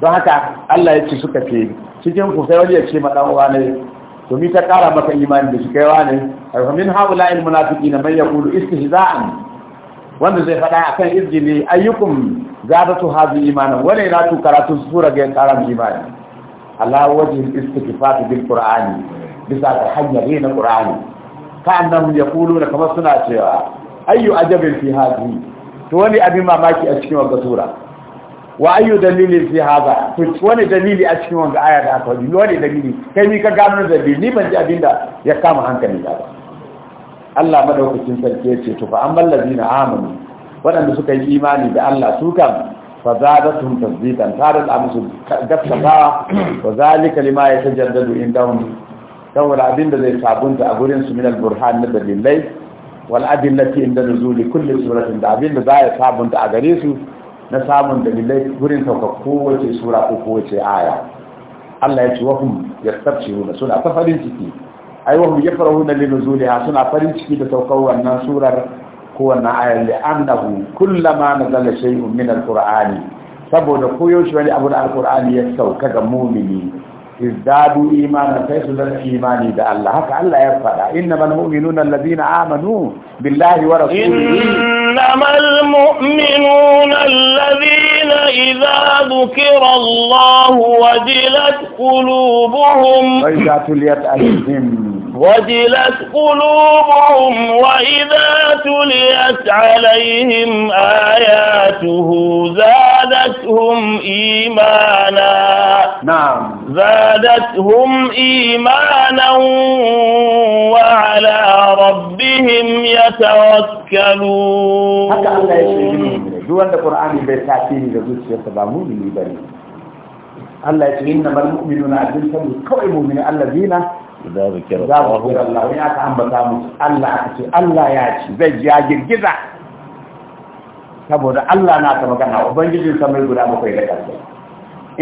don haka Allah ya ce suka ce cikin kusa wani ya ce ma dan uwa ne to mi ta kara maka imani da shi kai wani min haula al munafiqina man yaqulu istihza'an wanda zai faɗa akan izgili ayyukum zadatu hadhi imanan wala ila tu karatu sura ga karam imani Allah wajhi istighfar bil qur'ani bisa ta hanyar yin qur'ani ka annahum yaquluna kamar suna cewa ayyu ajabin fi hadhi to wani abin mamaki a cikin wannan sura wa ayyu dalilin fi hada to wani dalili a cikin wanga aya da aka wani wani dalili kai ni ka gano dalili ni ban ji abinda ya kama hankali da ba Allah madaukakin sarki ya ce to fa amman ladina amanu waɗanda suka yi imani da Allah su kan fa zadatuhum tasdiqan tarin da musu gaskatawa wa zalika lima yatajaddadu indahum saboda abinda zai sabunta a gurin su min al-burhan na dalilai wal adillati inda nuzuli kulli suratin da abinda za ya sabunta a gare su na samun dalilai wurin sauka kowace sura ko kowace aya Allah ya ce wa hum yastabshiruna suna ta farin ciki ai wa hum yafrahuna li nuzuliha suna farin ciki da saukar wannan surar ko wannan ayar li annahu kullama nazala shay'un min alqur'ani saboda ko koyaushe wani abu da alqur'ani ya sauka ga mu'mini izdadu imanan sai su zama imani da Allah haka Allah ya faɗa innamal mu'minuna allazina amanu billahi wa rasulihi زعم المؤمنون الذين إذا ذكر الله وجلت قلوبهم وإذا تليت عليهم وجلت قلوبهم وإذا تليت عليهم آياته زادتهم إيمانا نعم زادتهم إيمانا وعلى ربهم يتوكلون حتى الله يشهد جوان القرآن بيساتين جزوش يتبامو من الله يشهد إنما المؤمنون أجل سبب من الذين za mu kira Allah in aka ambata musu Allah aka ce Allah ya ci zai ji ya girgiza saboda Allah na ta magana ubangiji sa mai guda bakwai da kansa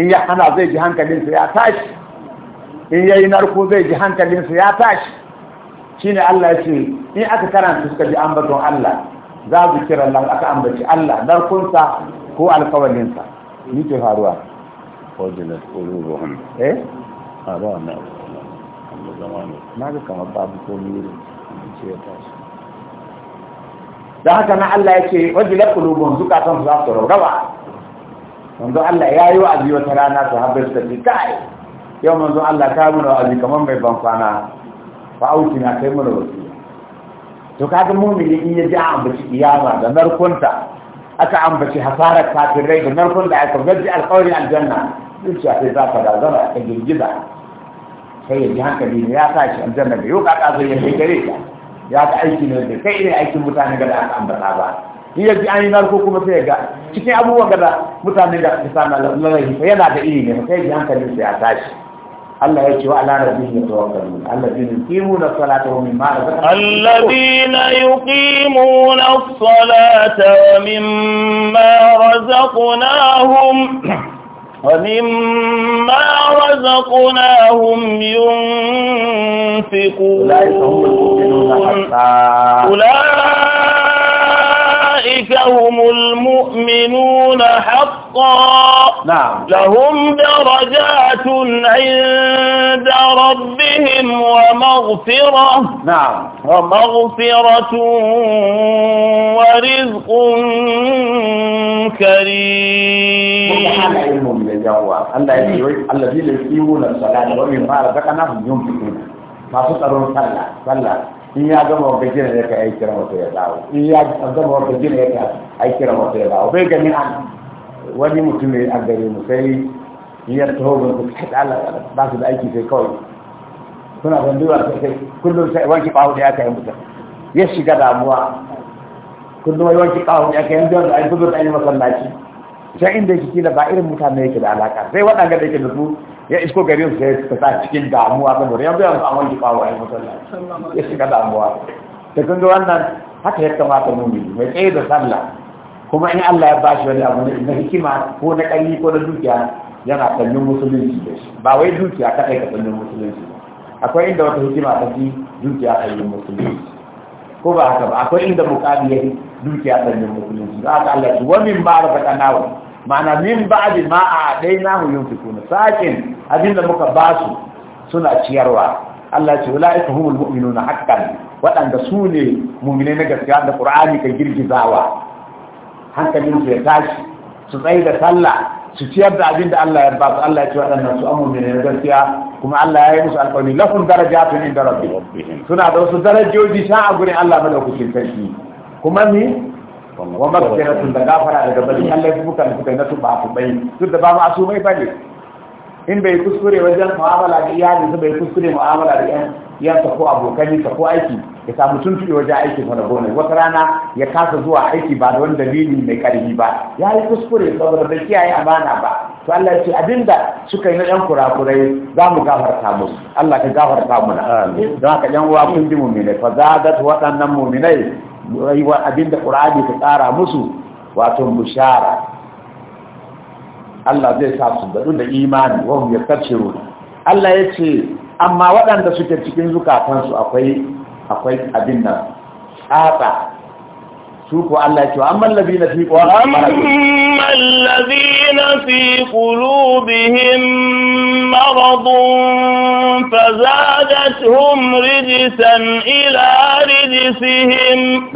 in ya hana zai ji hankalinsa ya tashi in yayi narko zai ji hankalinsa ya tashi shine Allah ya ce in aka karanta suka ji ambaton Allah za mu kira Allah aka ambaci Allah narkunsa ko alkawalinsa ni ke faruwa wajilat qulubuhum eh faruwa na da zama ne na ga kamar babu ko miri ce ya tashi da haka na Allah ya ce wajen da kulubun zukatan za su rauraba manzo Allah ya yi wa'azi wata rana su haɓar su tafi kai yau manzo Allah ta muna wa'azi kamar mai ban kwana fa auki na kai muna wasu to kaga mumini in ya ji an ambaci iyama da narkunta aka ambaci hasarar kafirai da narkunta aka gaji alƙawarin aljanna zuciya sai za ka da razana ka girgiza sai ya ji hankali ne ya sa shi aljanna da yau kaka zai ya kai gare ta ya ta aiki ne da kai ne aikin mutane ga da aka ambata ba in yaji an yi narko kuma sai ga cikin abubuwan ga da mutane da aka samu lalahi fa yana da iri ne sai ya ji hankali sai ya tashi Allah ya ce wa ala rabbihim yatawakkalun alladhina yuqimuna as-salata wa mimma razaqnahum alladhina yuqimuna as-salata wa mimma razaqnahum ومما رزقناهم ينفقون أولئك أولئك هم المؤمنون حقا نعم لهم درجات عند ربهم ومغفرة نعم ومغفرة ورزق كريم الذين يقيمون الصلاة ومما رزقناهم ينفقون ما فطروا صلى صلى in ya gama wa gajiyar ya ka ai kira masa ya dawo in ya gama wa gajiyar ya ka ai kira masa ya dawo bai gani an wani mutum ne a gare mu sai ya taho mun su kai tsala ba su da aiki sai kawai suna ban duwa sai kullum sai wanki kawo da ya kai mutum ya shiga damuwa kullum wai wanki kawo da ya kai yanzu da ai bugu da ai masallaci sai inda yake kila ba irin mutane yake da alaka sai waɗanda yake da su ya isko garin su ya fita cikin damuwa ga dore ya bayar da amon jifa wa ayyukan sallah ya shiga damuwa da kun ga wannan haka ya kamata mu yi mai tsaye da sallah kuma in Allah ya bashi wani abu na hikima ko na kalli ko na dukiya yana kallon musulunci da shi ba wai dukiya kai ka kallon musulunci akwai inda wata hikima ta fi dukiya kallon musulunci ko ba haka ba akwai inda mukabi ya dukiya kallon musulunci za ka Allah wa min ba'da kana ma'ana min ba'di ma a mu hu yunfikuna sakin Abinda da muka ba su suna ciyarwa Allah ce ula'ika humul mu'minuna haqqan waɗanda su ne mu'mine na gaskiya da Qur'ani ka girgizawa hankalin su ya tashi su tsaye da sallah su ciyar da abin da Allah ya ba su Allah ya ce waɗannan su mu'mine na gaskiya kuma Allah ya yi musu alƙawari lahum darajatun inda rabbihim suna da wasu darajoji sha a gurin Allah madaukakin sarki kuma ni wa magfiratun da gafara daga bari Allah ya fuka da fuka na tuba ku bai duk da ba ma asumai bane in bai kuskure wajen mu'amala da iyali bai kuskure mu'amala da yan yansa ko ta ko aiki ya samu tuntuɓe wajen aiki sa da gona wata rana ya kasa zuwa aiki ba da wani dalili mai karfi ba ya yi kuskure saboda bai kiyaye amana ba to Allah ya ce abinda suka yi na yan kurakurai za mu gafarta musu Allah ka gafarta mu na don haka ɗan uwa kun ji mu'minai fa zadat waɗannan mu'minai abinda ƙur'ani ka tsara musu wato bushara Allah zai sa su daɗu da imani wahum yastabshirun Allah ya ce amma waɗanda suke cikin zukatansu akwai abin nan tsatsa su ko Allah ya ce amma allazina na fi qulubihim maradun fazadatuhum rijsan ila rijsihim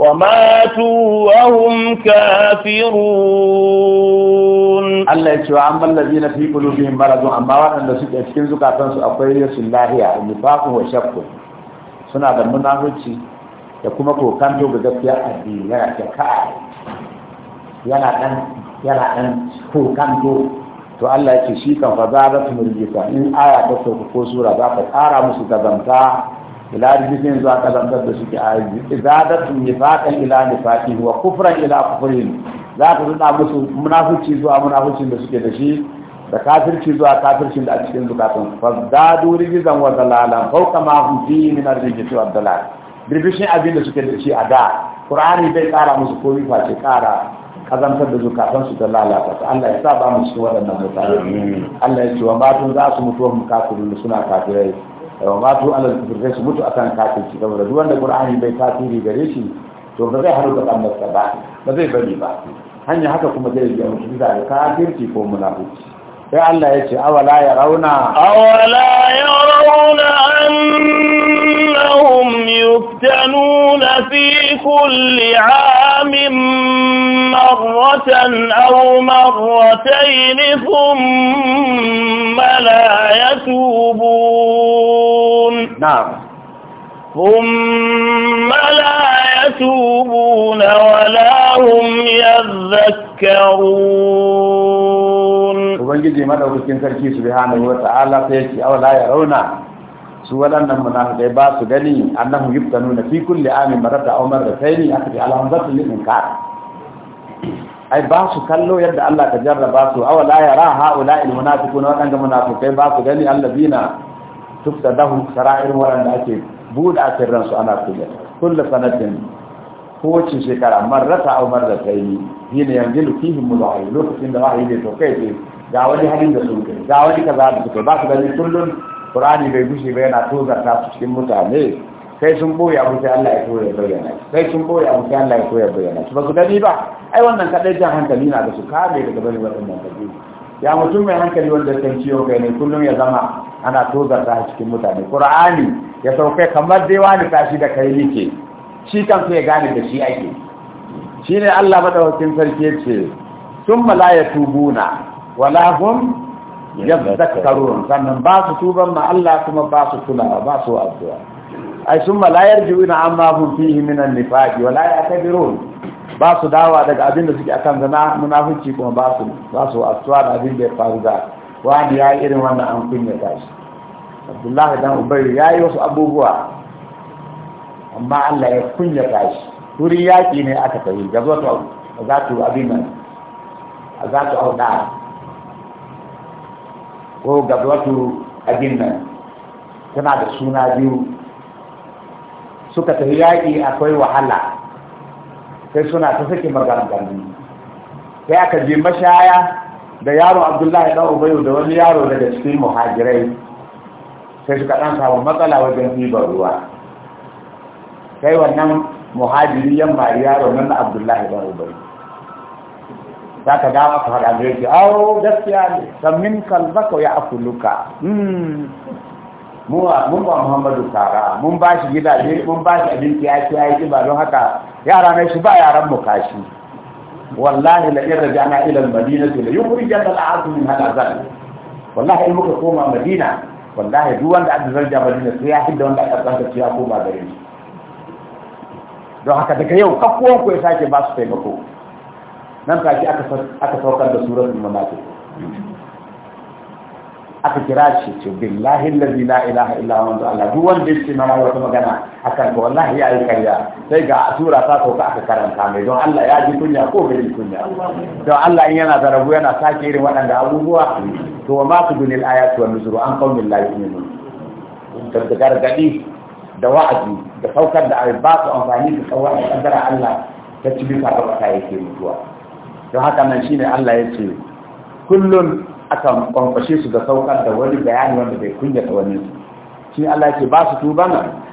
وماتوا وهم كافرون الله يشوى أما الذين في قلوبهم مرض أما وأن نسيت أشكين زكاة سأقوي الله يا نفاق وشك سنة المنافقين da kuma kokanto ga gaskiya addini yana ta kai yana dan yana dan kokanto to Allah ya ce shi kan fa za murjisa in aya ta ko sura za ta ƙara musu gazanta ila rubutun zuwa kazantar da suke a izadatu nifaqan ila nifaqi wa kufran ila kufrin za ta nuna musu munafici zuwa munaficin da suke da shi da kafirci zuwa kafircin da a cikin zukatun fazdadu rijizan wa dalalan fawqa ma hum fi min ar-rijzi wa dalal rubutun abin da suke da shi a da qur'ani bai kara musu komai face kara kazantar da zukatan su da lalata Allah ya sa ba mu cikin waɗannan mutane Allah ya ce wa matun za su mutuwa mu kafirin suna kafirai wa matu alal kufr sai su mutu akan kafirci saboda duk wanda qur'ani bai tasiri gare shi to ba zai haɗu da masa ba ba zai bari ba hanya haka kuma zai yi mutu bisa da kafirci ko munafiki sai Allah ya ce awala ya rauna awala ya rauna annahum yuftanuna fi kulli amin مرة أو مرتين ثم لا يتوبون نعم ثم لا يتوبون ولا هم يذكرون وبنجي ماذا بكين تركي سبحانه وتعالى فيكي أو لا يرونا سولنا من أهل عباس غني أنهم يبتنون في كل عام مرة أو مرتين أخذ على أنظر لمن كان ai ba su kallo yadda Allah ka jarraba su aw la yara haula al munafiquna kanga munafikai ba su gani allazina tuftadahu sara'ir an ake buda sirran su ana kula kullu sanatin ci shekara marrata aw marratayn hina yanzilu fihi mulahil lokacin da wahayi ne to kai ga wani halin da sun kai ga wani kaza da suka ba su gani kullun qur'ani bai gushe ba yana tozarta cikin mutane sai sun boye abu sai Allah ya koya bayyana sai sun boye abu sai Allah ya koya bayyana ba su ba ai wannan kadai jan hankali na da su kame daga bari waɗannan kaji ya mutum mai hankali wanda san ciwo kai ne kullum ya zama ana tozar da cikin mutane qur'ani ya sauke kamar dai wani tashi da kai nike shi kan ya gane da shi ake shine Allah madaukakin sarki yace sun la tubuna, wala hum yadhakkarun sannan ba su tuban ma Allah kuma ba su kula ba su addu'a ai sun malayar na an mafin fihi minan nifaƙi wala ya biro ba su dawa daga abin da suke akan zana munafunci kuma ba su ba su asuwa da abin da ya faru da wani ya yi irin wannan an kunya shi abdullahi dan ubayr ya yi wasu abubuwa amma allah ya kunya shi wuri yaƙi ne aka tafi ga zuwa za tu abin nan za tu auda ko ga zuwa abin nan tana da suna biyu suka tafi yaƙi akwai wahala sai suna ta sake maganganu sai aka je mashaya da yaro abdullahi ɗan ubayu da wani yaro daga cikin muhajirai sai suka ɗan samu matsala wajen ɗiban ruwa sai wannan muhajiri yamma yaro nan na abdullahi ɗan ubayu za ka dama ka faɗa da ce awo gaskiya ne min kalbaka ya afuluka hmm. mun ba muhammadu kara mun ba shi gidaje mun ba shi abinci ya ce ya yi ba don haka yara na shi ba yaran mu kashi wallahi la irra jana ila al-madinati la yukhrijan al-a'zu min hada zal wallahi in muka koma madina wallahi duk wanda aka zarja madina sai ya hidda wanda aka tsanta ya koma gare shi don haka daga yau kafuwan ku ya sake ba su taimako nan take aka aka saukar da suratul munafiqun aka kira shi to billahi allazi la ilaha illa huwa Allah duk wanda yake mana wata magana akan ko wallahi ya yi karya sai ga sura ta sauka aka karanta mai don Allah ya ji kunya ko bai ji kunya don Allah in yana zarabu yana sake irin waɗanda abubuwa to wa ma tudunil ayatu wan nuzuru an qaumin la yu'minun da gargadi da wa'azi da saukar da ayi ba su amfani da tsawon kaddara Allah ta ci bisa ga yake mutuwa don haka nan shine Allah ya ce kullum akan kwamfashe su da saukar da wani bayani wanda bai kunyata wani su shi Allah ya ce ba su tuban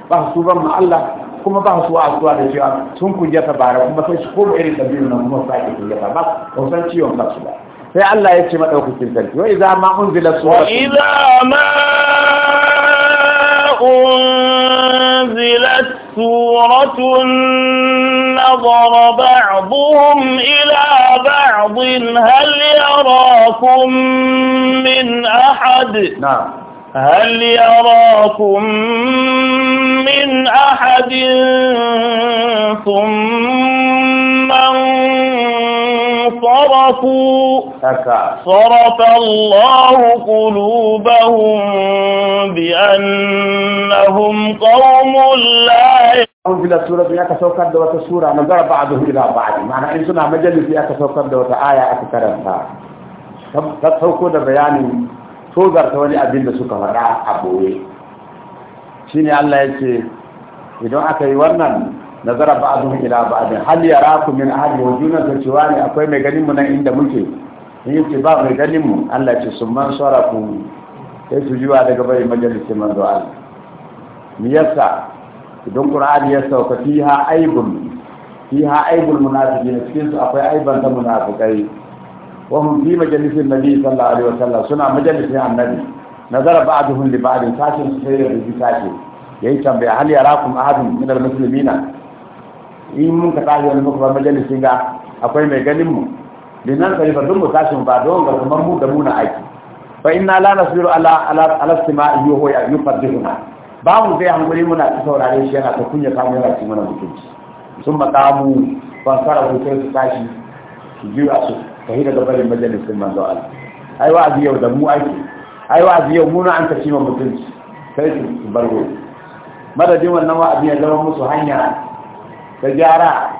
ba su tuban ma Allah kuma ba su wa'azuwa da cewa sun kunyata bara kuma sai su koma irin dabi'u nan kuma sai kunyata ba ba san ciwon kansu ba sai Allah ya ce madaukakin sarki wa idza ma unzila suratun wa idza ma unzilat suratun نظر بعضهم إلى بعض هل يراكم من أحد نعم هل يراكم من أحد ثم صرفوا صرف الله قلوبهم بأنهم قوم لا unzila ya aka saukar da wata sura na zara ba'adu ila ba'adi ma'ana in suna majalisi aka saukar da wata aya aka karanta ta sauko da bayanin tozar ta wani abin da suka faɗa a boye shine Allah ya ce idan aka yi wannan nazara ba'adu ila ba'adi hal yaraku min ahadi wa juna cewa ne akwai mai ganin mu nan inda muke in yace ba mai ganin mu Allah ya ce summan ku sai su juwa daga bai majalisi manzo Allah me yasa idan qur'ani ya sauka fiha aibun fiha aibul munafiqin cikin su akwai aiban ta munafiqai wa hum fi majalisin nabi sallallahu alaihi wasallam suna majalisin annabi nazara ba'dhum li ba'd sashin sai da bi sashin yayi tambaya hal yarakum ahadun min almuslimina in mun ka tashi wani muka majalisin ga akwai mai ganin mu linan kai fa dun mu tashin ba don ga kuma mu da muna aiki fa inna la nasiru ala ala ala istima'i huwa yufaddihuna babu zai hankali muna ta saurare shi yana ta kunya samun yana ci mana mutunci sun makamu fansara hutar su tashi su jira su ta hira da barin sun manzo ala ai wa'azi yau da mu aiki. ai wa'azi yau muna an ta ci ma mutunci sai su bargo madadin wannan wa'azi ya zama musu hanya ta gyara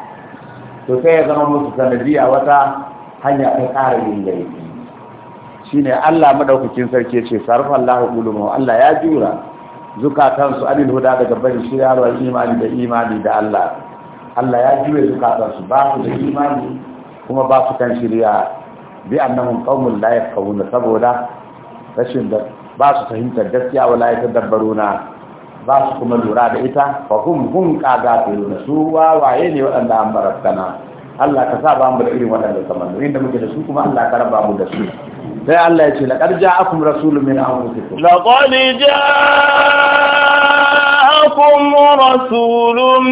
to sai ya zama musu sanadiyya wata hanya ta ƙara yin Shi shine Allah madaukakin sarki ya ce sarfa Allahu qulubu Allah ya jura zukatansu anil huda daga bari shiryarwar imani da imani da Allah Allah ya juye zukatansu ba su da imani kuma ba su kan shirya bi annahum qaumun la yafqahuna saboda rashin da ba su fahimtar gaskiya wala yatadabbaruna ba su kuma lura da ita fa hum hum qagatuna su wawaye ne wadanda an baratana Allah ka sa ba mu da irin waɗanda kamar inda muke da su kuma Allah ka raba mu da su sai Allah ya ce laqad ja'akum rasulun min anfusikum laqad ja'akum rasulun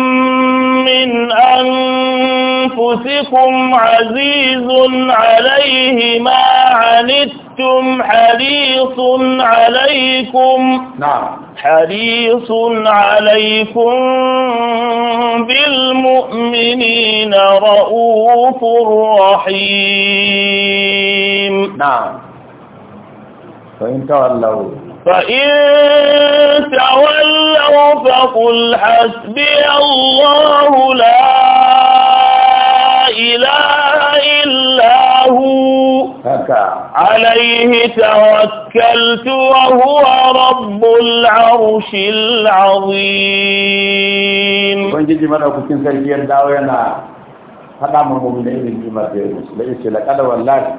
min anfusikum azizun 'alayhi ma 'anittum harisun 'alaykum na'am حريص عليكم بالمؤمنين رؤوف رحيم نعم فإن تولوا فإن تولوا فقل حسبي الله لا إله إلا هو عليه توكلت وهو رب العرش العظيم ونجي مرة كنت سيدي داوينا هذا من مؤمنين الجمعة لك أدوى الله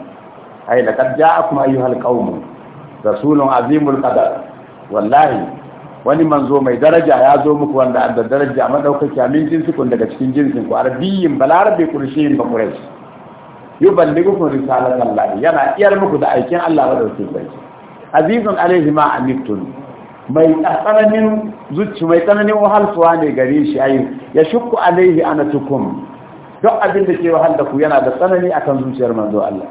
أي لقد جاءكم أيها القوم rasulun azimul qadar wallahi wani manzo mai daraja ya zo muku wanda an da daraja madaukaki amin jinsikun daga cikin jinsin ku arabiyin balarabe kurshiyin ba quraish yuballighukum risalatallahi yana iyar muku da aikin Allah madaukakin sarki azizun alaihi ma anittun mai tsananin zuci mai tsananin wahalsuwa ne gare shi ayi ya shukku alaihi ana tukum duk abin da ke wahal da ku yana da tsanani akan zuciyar manzo Allah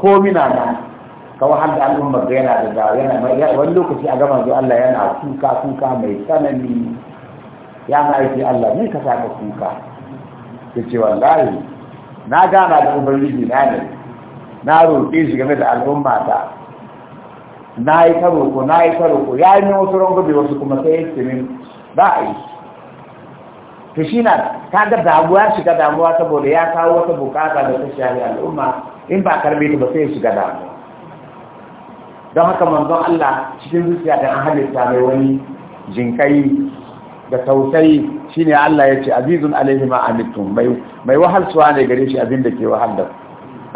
ko mina na kawai hada al'umma al'ummar da yana da da yana wani lokaci a gama zuwa Allah yana kuka kuka mai tsanani ya na aiki Allah ni ka saka kuka ta ce wallahi na gana da ubangiji na ne na roƙe shi game da al'umma ta na yi ta roƙo na yi ta roƙo ya yi wasu rangobe wasu kuma sai ya ce min ba a yi to shi na ga damuwa shiga damuwa saboda ya kawo wata bukata da ta shafi al'umma in ba karbe ta ba sai ya shiga damuwa don haka manzon Allah cikin zuciya da an halitta mai wani jinkai da tausayi shine Allah ya ce azizun alaihi ma anittum mai mai wahalsuwa ne gare shi abin da ke wahal da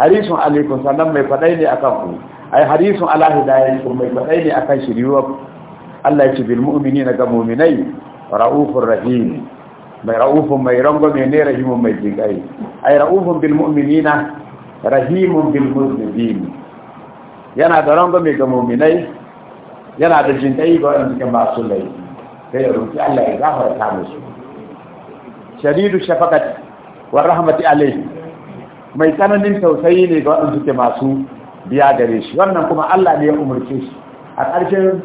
harisun alaikum sannan mai fadai ne akan ku ai harisun ala hidayatikum mai fadai ne akan shiriwa Allah ya ce bil mu'minina ga mu'minai raufur rahim mai raufun mai rangwame ne rahimun mai jinkai ai raufun bil mu'minina rahimun bil muslimin yana da mai ga muminai yana da jinkai ga waɗanda suke masu laifi sai ya rufi Allah ya gafarta musu shadidu shafakat wa rahmati alayhi mai tsananin tausayi ne ga waɗanda suke masu biya gare shi wannan kuma Allah ne ya umarce shi a ƙarshen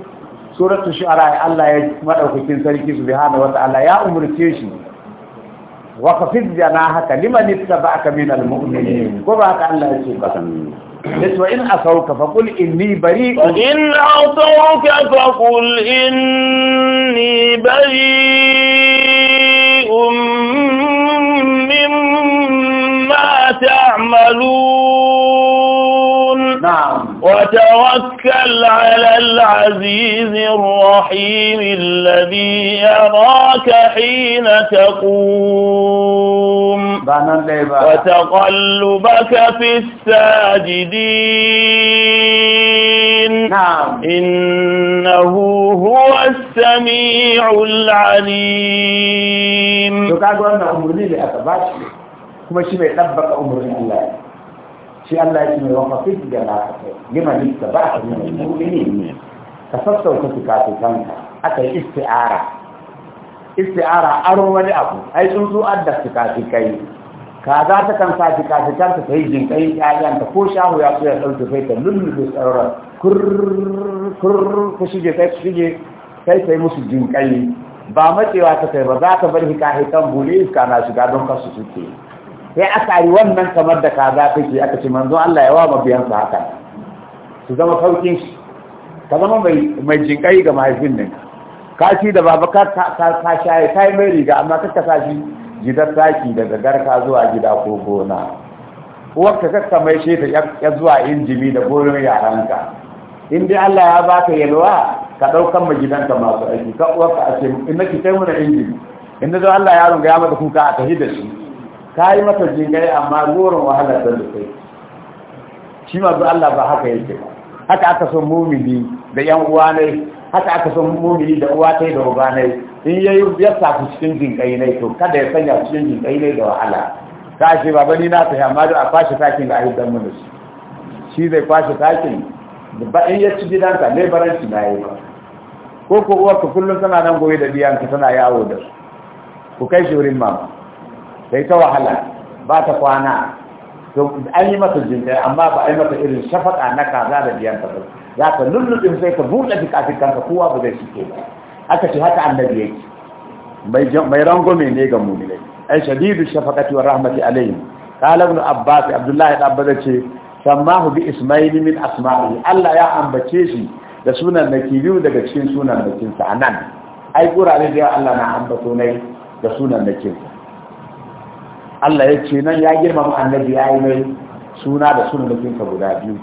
suratul shu'ara Allah ya madaukakin sarki subhanahu wa ta'ala ya umarce shi wa khafid janahaka liman ittaba'aka minal mu'minin ko ba ka Allah ya ce ba قلت وإن أصوك فقل إني بريء وإن أصوك فقل إني بريء مما تعملون نعم وتوكل على العزيز الرحيم الذي يراك حين تقوم وتقلبك في الساجدين نعم. إنه هو السميع العليم kuma shi mai ɗabbaka umarnin shi Allah ya ce mai wafa fi da laka lima lista ba a cikin mu'mini ka sassauta fikafikanka aka yi isti'ara isti'ara aro wani abu ai sun zo adda fikafikai ka za ta kan sa fikafikanta ta yi jinkai ƴaƴanta ko shahu ya so ya ɗauke kai ta lullube tsaron kurr ku shige kai shige kai sai musu jinkai ba matsewa ta kai ba za ta bar hikahikan bule iska na shiga don kasu suke sai aka yi wannan kamar da kaza kake, aka ce manzo Allah ya wa mabiyansa haka su zama saukin shi ka zama mai mai jinkai ga mahaifin nan ka ci da baba ka ka shaye kai mai riga amma ka ka saki gidan taki daga garka zuwa gida ko gona uwarka kakka mai shi ta ya zuwa injimi da gonar yaranka in dai Allah ya baka yalwa ka daukan ma gidanka masu aiki ka ka a ce in nake kai mana injimi in da Allah ya runga ya mata kuka a tafi da shi ka yi mata jingare amma goron wahalar da da kai shi mazu Allah ba haka yake ba haka aka son mumini da yan uwa ne haka aka son mumini da uwa ta da uba ne in ya yi ya saku cikin jinkai ne to kada ya sanya cikin jinkai ne da wahala ta ce baba ni na ta amma da a kwashe takin da ayyukan mu shi zai kwashe takin ba in ya ci gidanka ne baranci na yi ba ko ko ka kullum tana nan goyi da biyan ka tana yawo da su ku kai shi wurin mama sai ta wahala ba ta kwana to an yi masa jinkai amma ba a yi masa irin shafaka na kaza da biyan ta ba za ka lullubin sai ka buɗe kanka kowa ba zai shike ba aka ce haka annabi yake mai rangume ne ga mu ne ai shadidu shafaqati wa rahmati alayhi qala ibn abbas abdullahi da abbas ce sammahu bi isma'il min asma'i Allah ya ambace shi da sunan naki biyu daga cikin sunan nakin sa anan ai kurare da Allah na ambato nai da sunan nakin sa Allah ya ce nan ya girmama annabi ya yi mai suna da sunan kinka guda biyu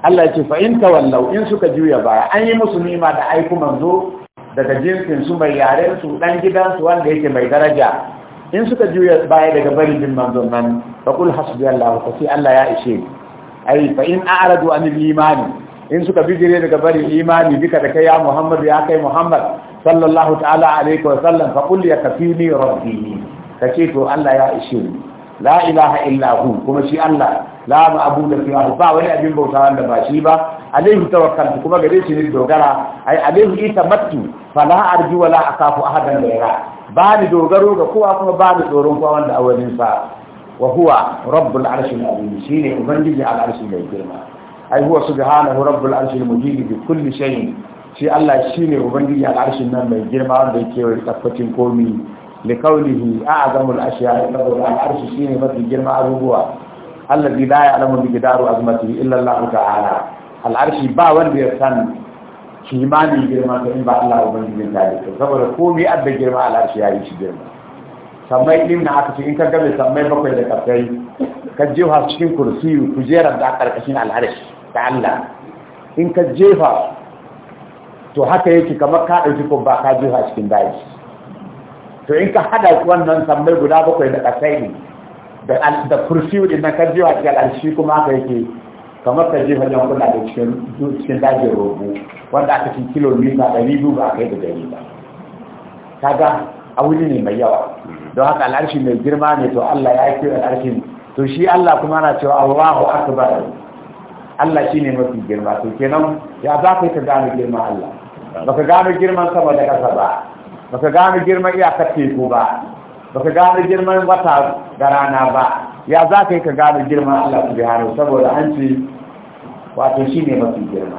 Allah ya ce fa in tawallau in suka juya baya an yi musu nima da aiku manzo daga jinsin su mai yaren su dan gidan su wanda yake mai daraja in suka juya baya daga bari bin manzon nan fa kul Allah fa sai Allah ya ishe ai fa in a'radu an al-imani in suka bijire daga bari imani bika da kai ya Muhammad ya kai Muhammad sallallahu ta'ala alaihi wa sallam fa kul yakfini rabbi ka ce to Allah ya ishe mu. la ilaha illa hu kuma shi Allah la ma'budu illa ba wani abin bauta wanda ba shi ba alaihi tawakkaltu kuma gare shi ne dogara ai alaihi itamattu fala arju wala akafu ahadan ghayra ba ni dogaro ga kowa kuma ba ni tsoron kowa wanda awalin sa wa huwa rabbul arshil azim shine ubangiji al arshi mai girma ai huwa subhanahu rabbul arshil mujid bi kulli shay'in shi Allah shine ubangiji al arshin nan mai girma wanda yake tabbacin komai لقوله أعظم الأشياء يقول العرش شيء مثل جرمى أبوه الذي لا يعلم بقدار أزمته إلا الله تعالى العرش با wanda ya san kimanin girma ta in ba Allah ubangijin zalika saboda komai adda girma al'arshi yayi shi girma sammai din na aka ce in ka gabe sammai bakwai da kafai ka jefa cikin kursiyu kujerar da karkashin al'arshi ta Allah in ka jefa to haka yake kamar ka ɗauki ko ba ka jefa cikin daji to in ka hada wannan sammai guda bakwai da kasai ne da kursiyu ina nan ka jiwa ga alshi kuma ka yake kamar ka jefa jan kula da cikin dajin rogo wanda aka cikin kilomita ɗari biyu ba kai da dari ba kaga a wuri ne mai yawa don haka al'arshi mai girma ne to Allah ya kira al'arshi to shi Allah kuma na cewa Allahu akbar Allah shi ne mafi girma to kenan ya za ka gane girman Allah ba ka gane girman sama da kasa ba ba ka gane girman iyakar teku ba ba ka gane girman wata da rana ba ya za ka yi ka gane girman Allah su bihanu saboda an ce wato shi ne mafi girma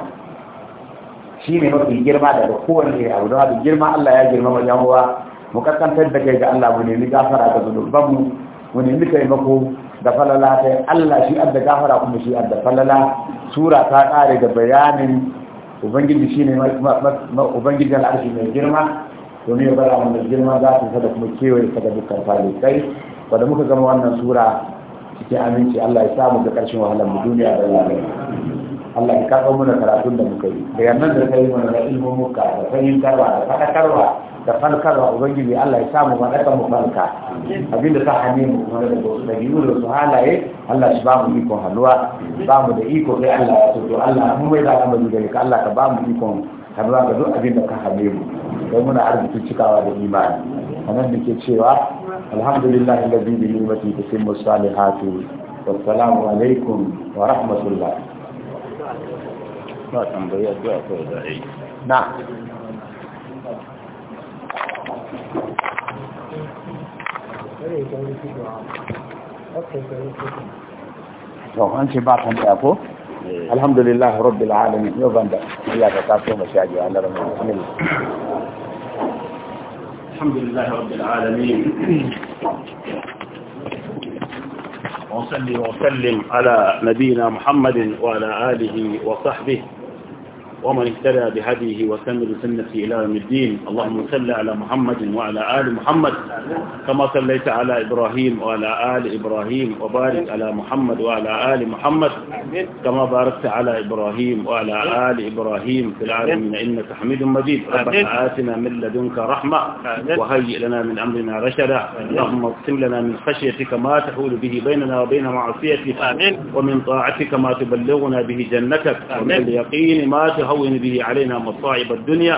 shi ne mafi girma daga kowane abu don haka girma Allah ya girma wajen uwa mu kaskantar da kai ga Allah mu nemi gafara ga zunubanmu mu nemi taimako da falala ta Allah shi adda gafara kuma shi adda falala sura ta kare da bayanin ubangiji shine ubangijin al'arshi mai girma domin ya bara da girma za su sada kuma kewaye sada dukkan falikai kai da muka gama wannan sura cikin aminci Allah ya samu ga ƙarshen wahalar mu duniya da lalai Allah ya karɓa mana karatun da muka yi nan da ta yi mana da ilmin muka da fahimtarwa da faɗakarwa da falkarwa ubangiji Allah ya samu faɗakar mu falka abinda ta hane mu kuma da wasu ɗabi'u da wasu halaye Allah shi ba mu ikon halwa ba mu da iko kai Allah ya so to Allah mu mai da amari gare ka Allah ka ba mu ikon halwa ga duk abin da ka hane mu don muna arziki cikawa da imani a nan da ke cewa alhamdulillah alladhi bi ni'mati tusimmu salihatu wassalamu alaikum wa rahmatullah ba tambaya ko akwai da na an ce ba tambaya ko إيه. الحمد لله رب العالمين يوبان ده الله تكافو مشاجي الحمد لله رب العالمين وصلي وسلم على نبينا محمد وعلى آله وصحبه ومن اهتدى بهديه وسن بسنته إلى يوم الدين اللهم صل على محمد وعلى آل محمد كما صليت على إبراهيم وعلى آل إبراهيم وبارك على محمد وعلى آل محمد كما باركت على إبراهيم وعلى آل إبراهيم في العالمين إنك حميد مجيد ربنا آتنا من لدنك رحمة وهيئ لنا من أمرنا رشدا اللهم اقسم لنا من خشيتك ما تحول به بيننا وبين معصيتك ومن طاعتك ما تبلغنا به جنتك ومن اليقين ما تحول تهون به علينا مصاعب الدنيا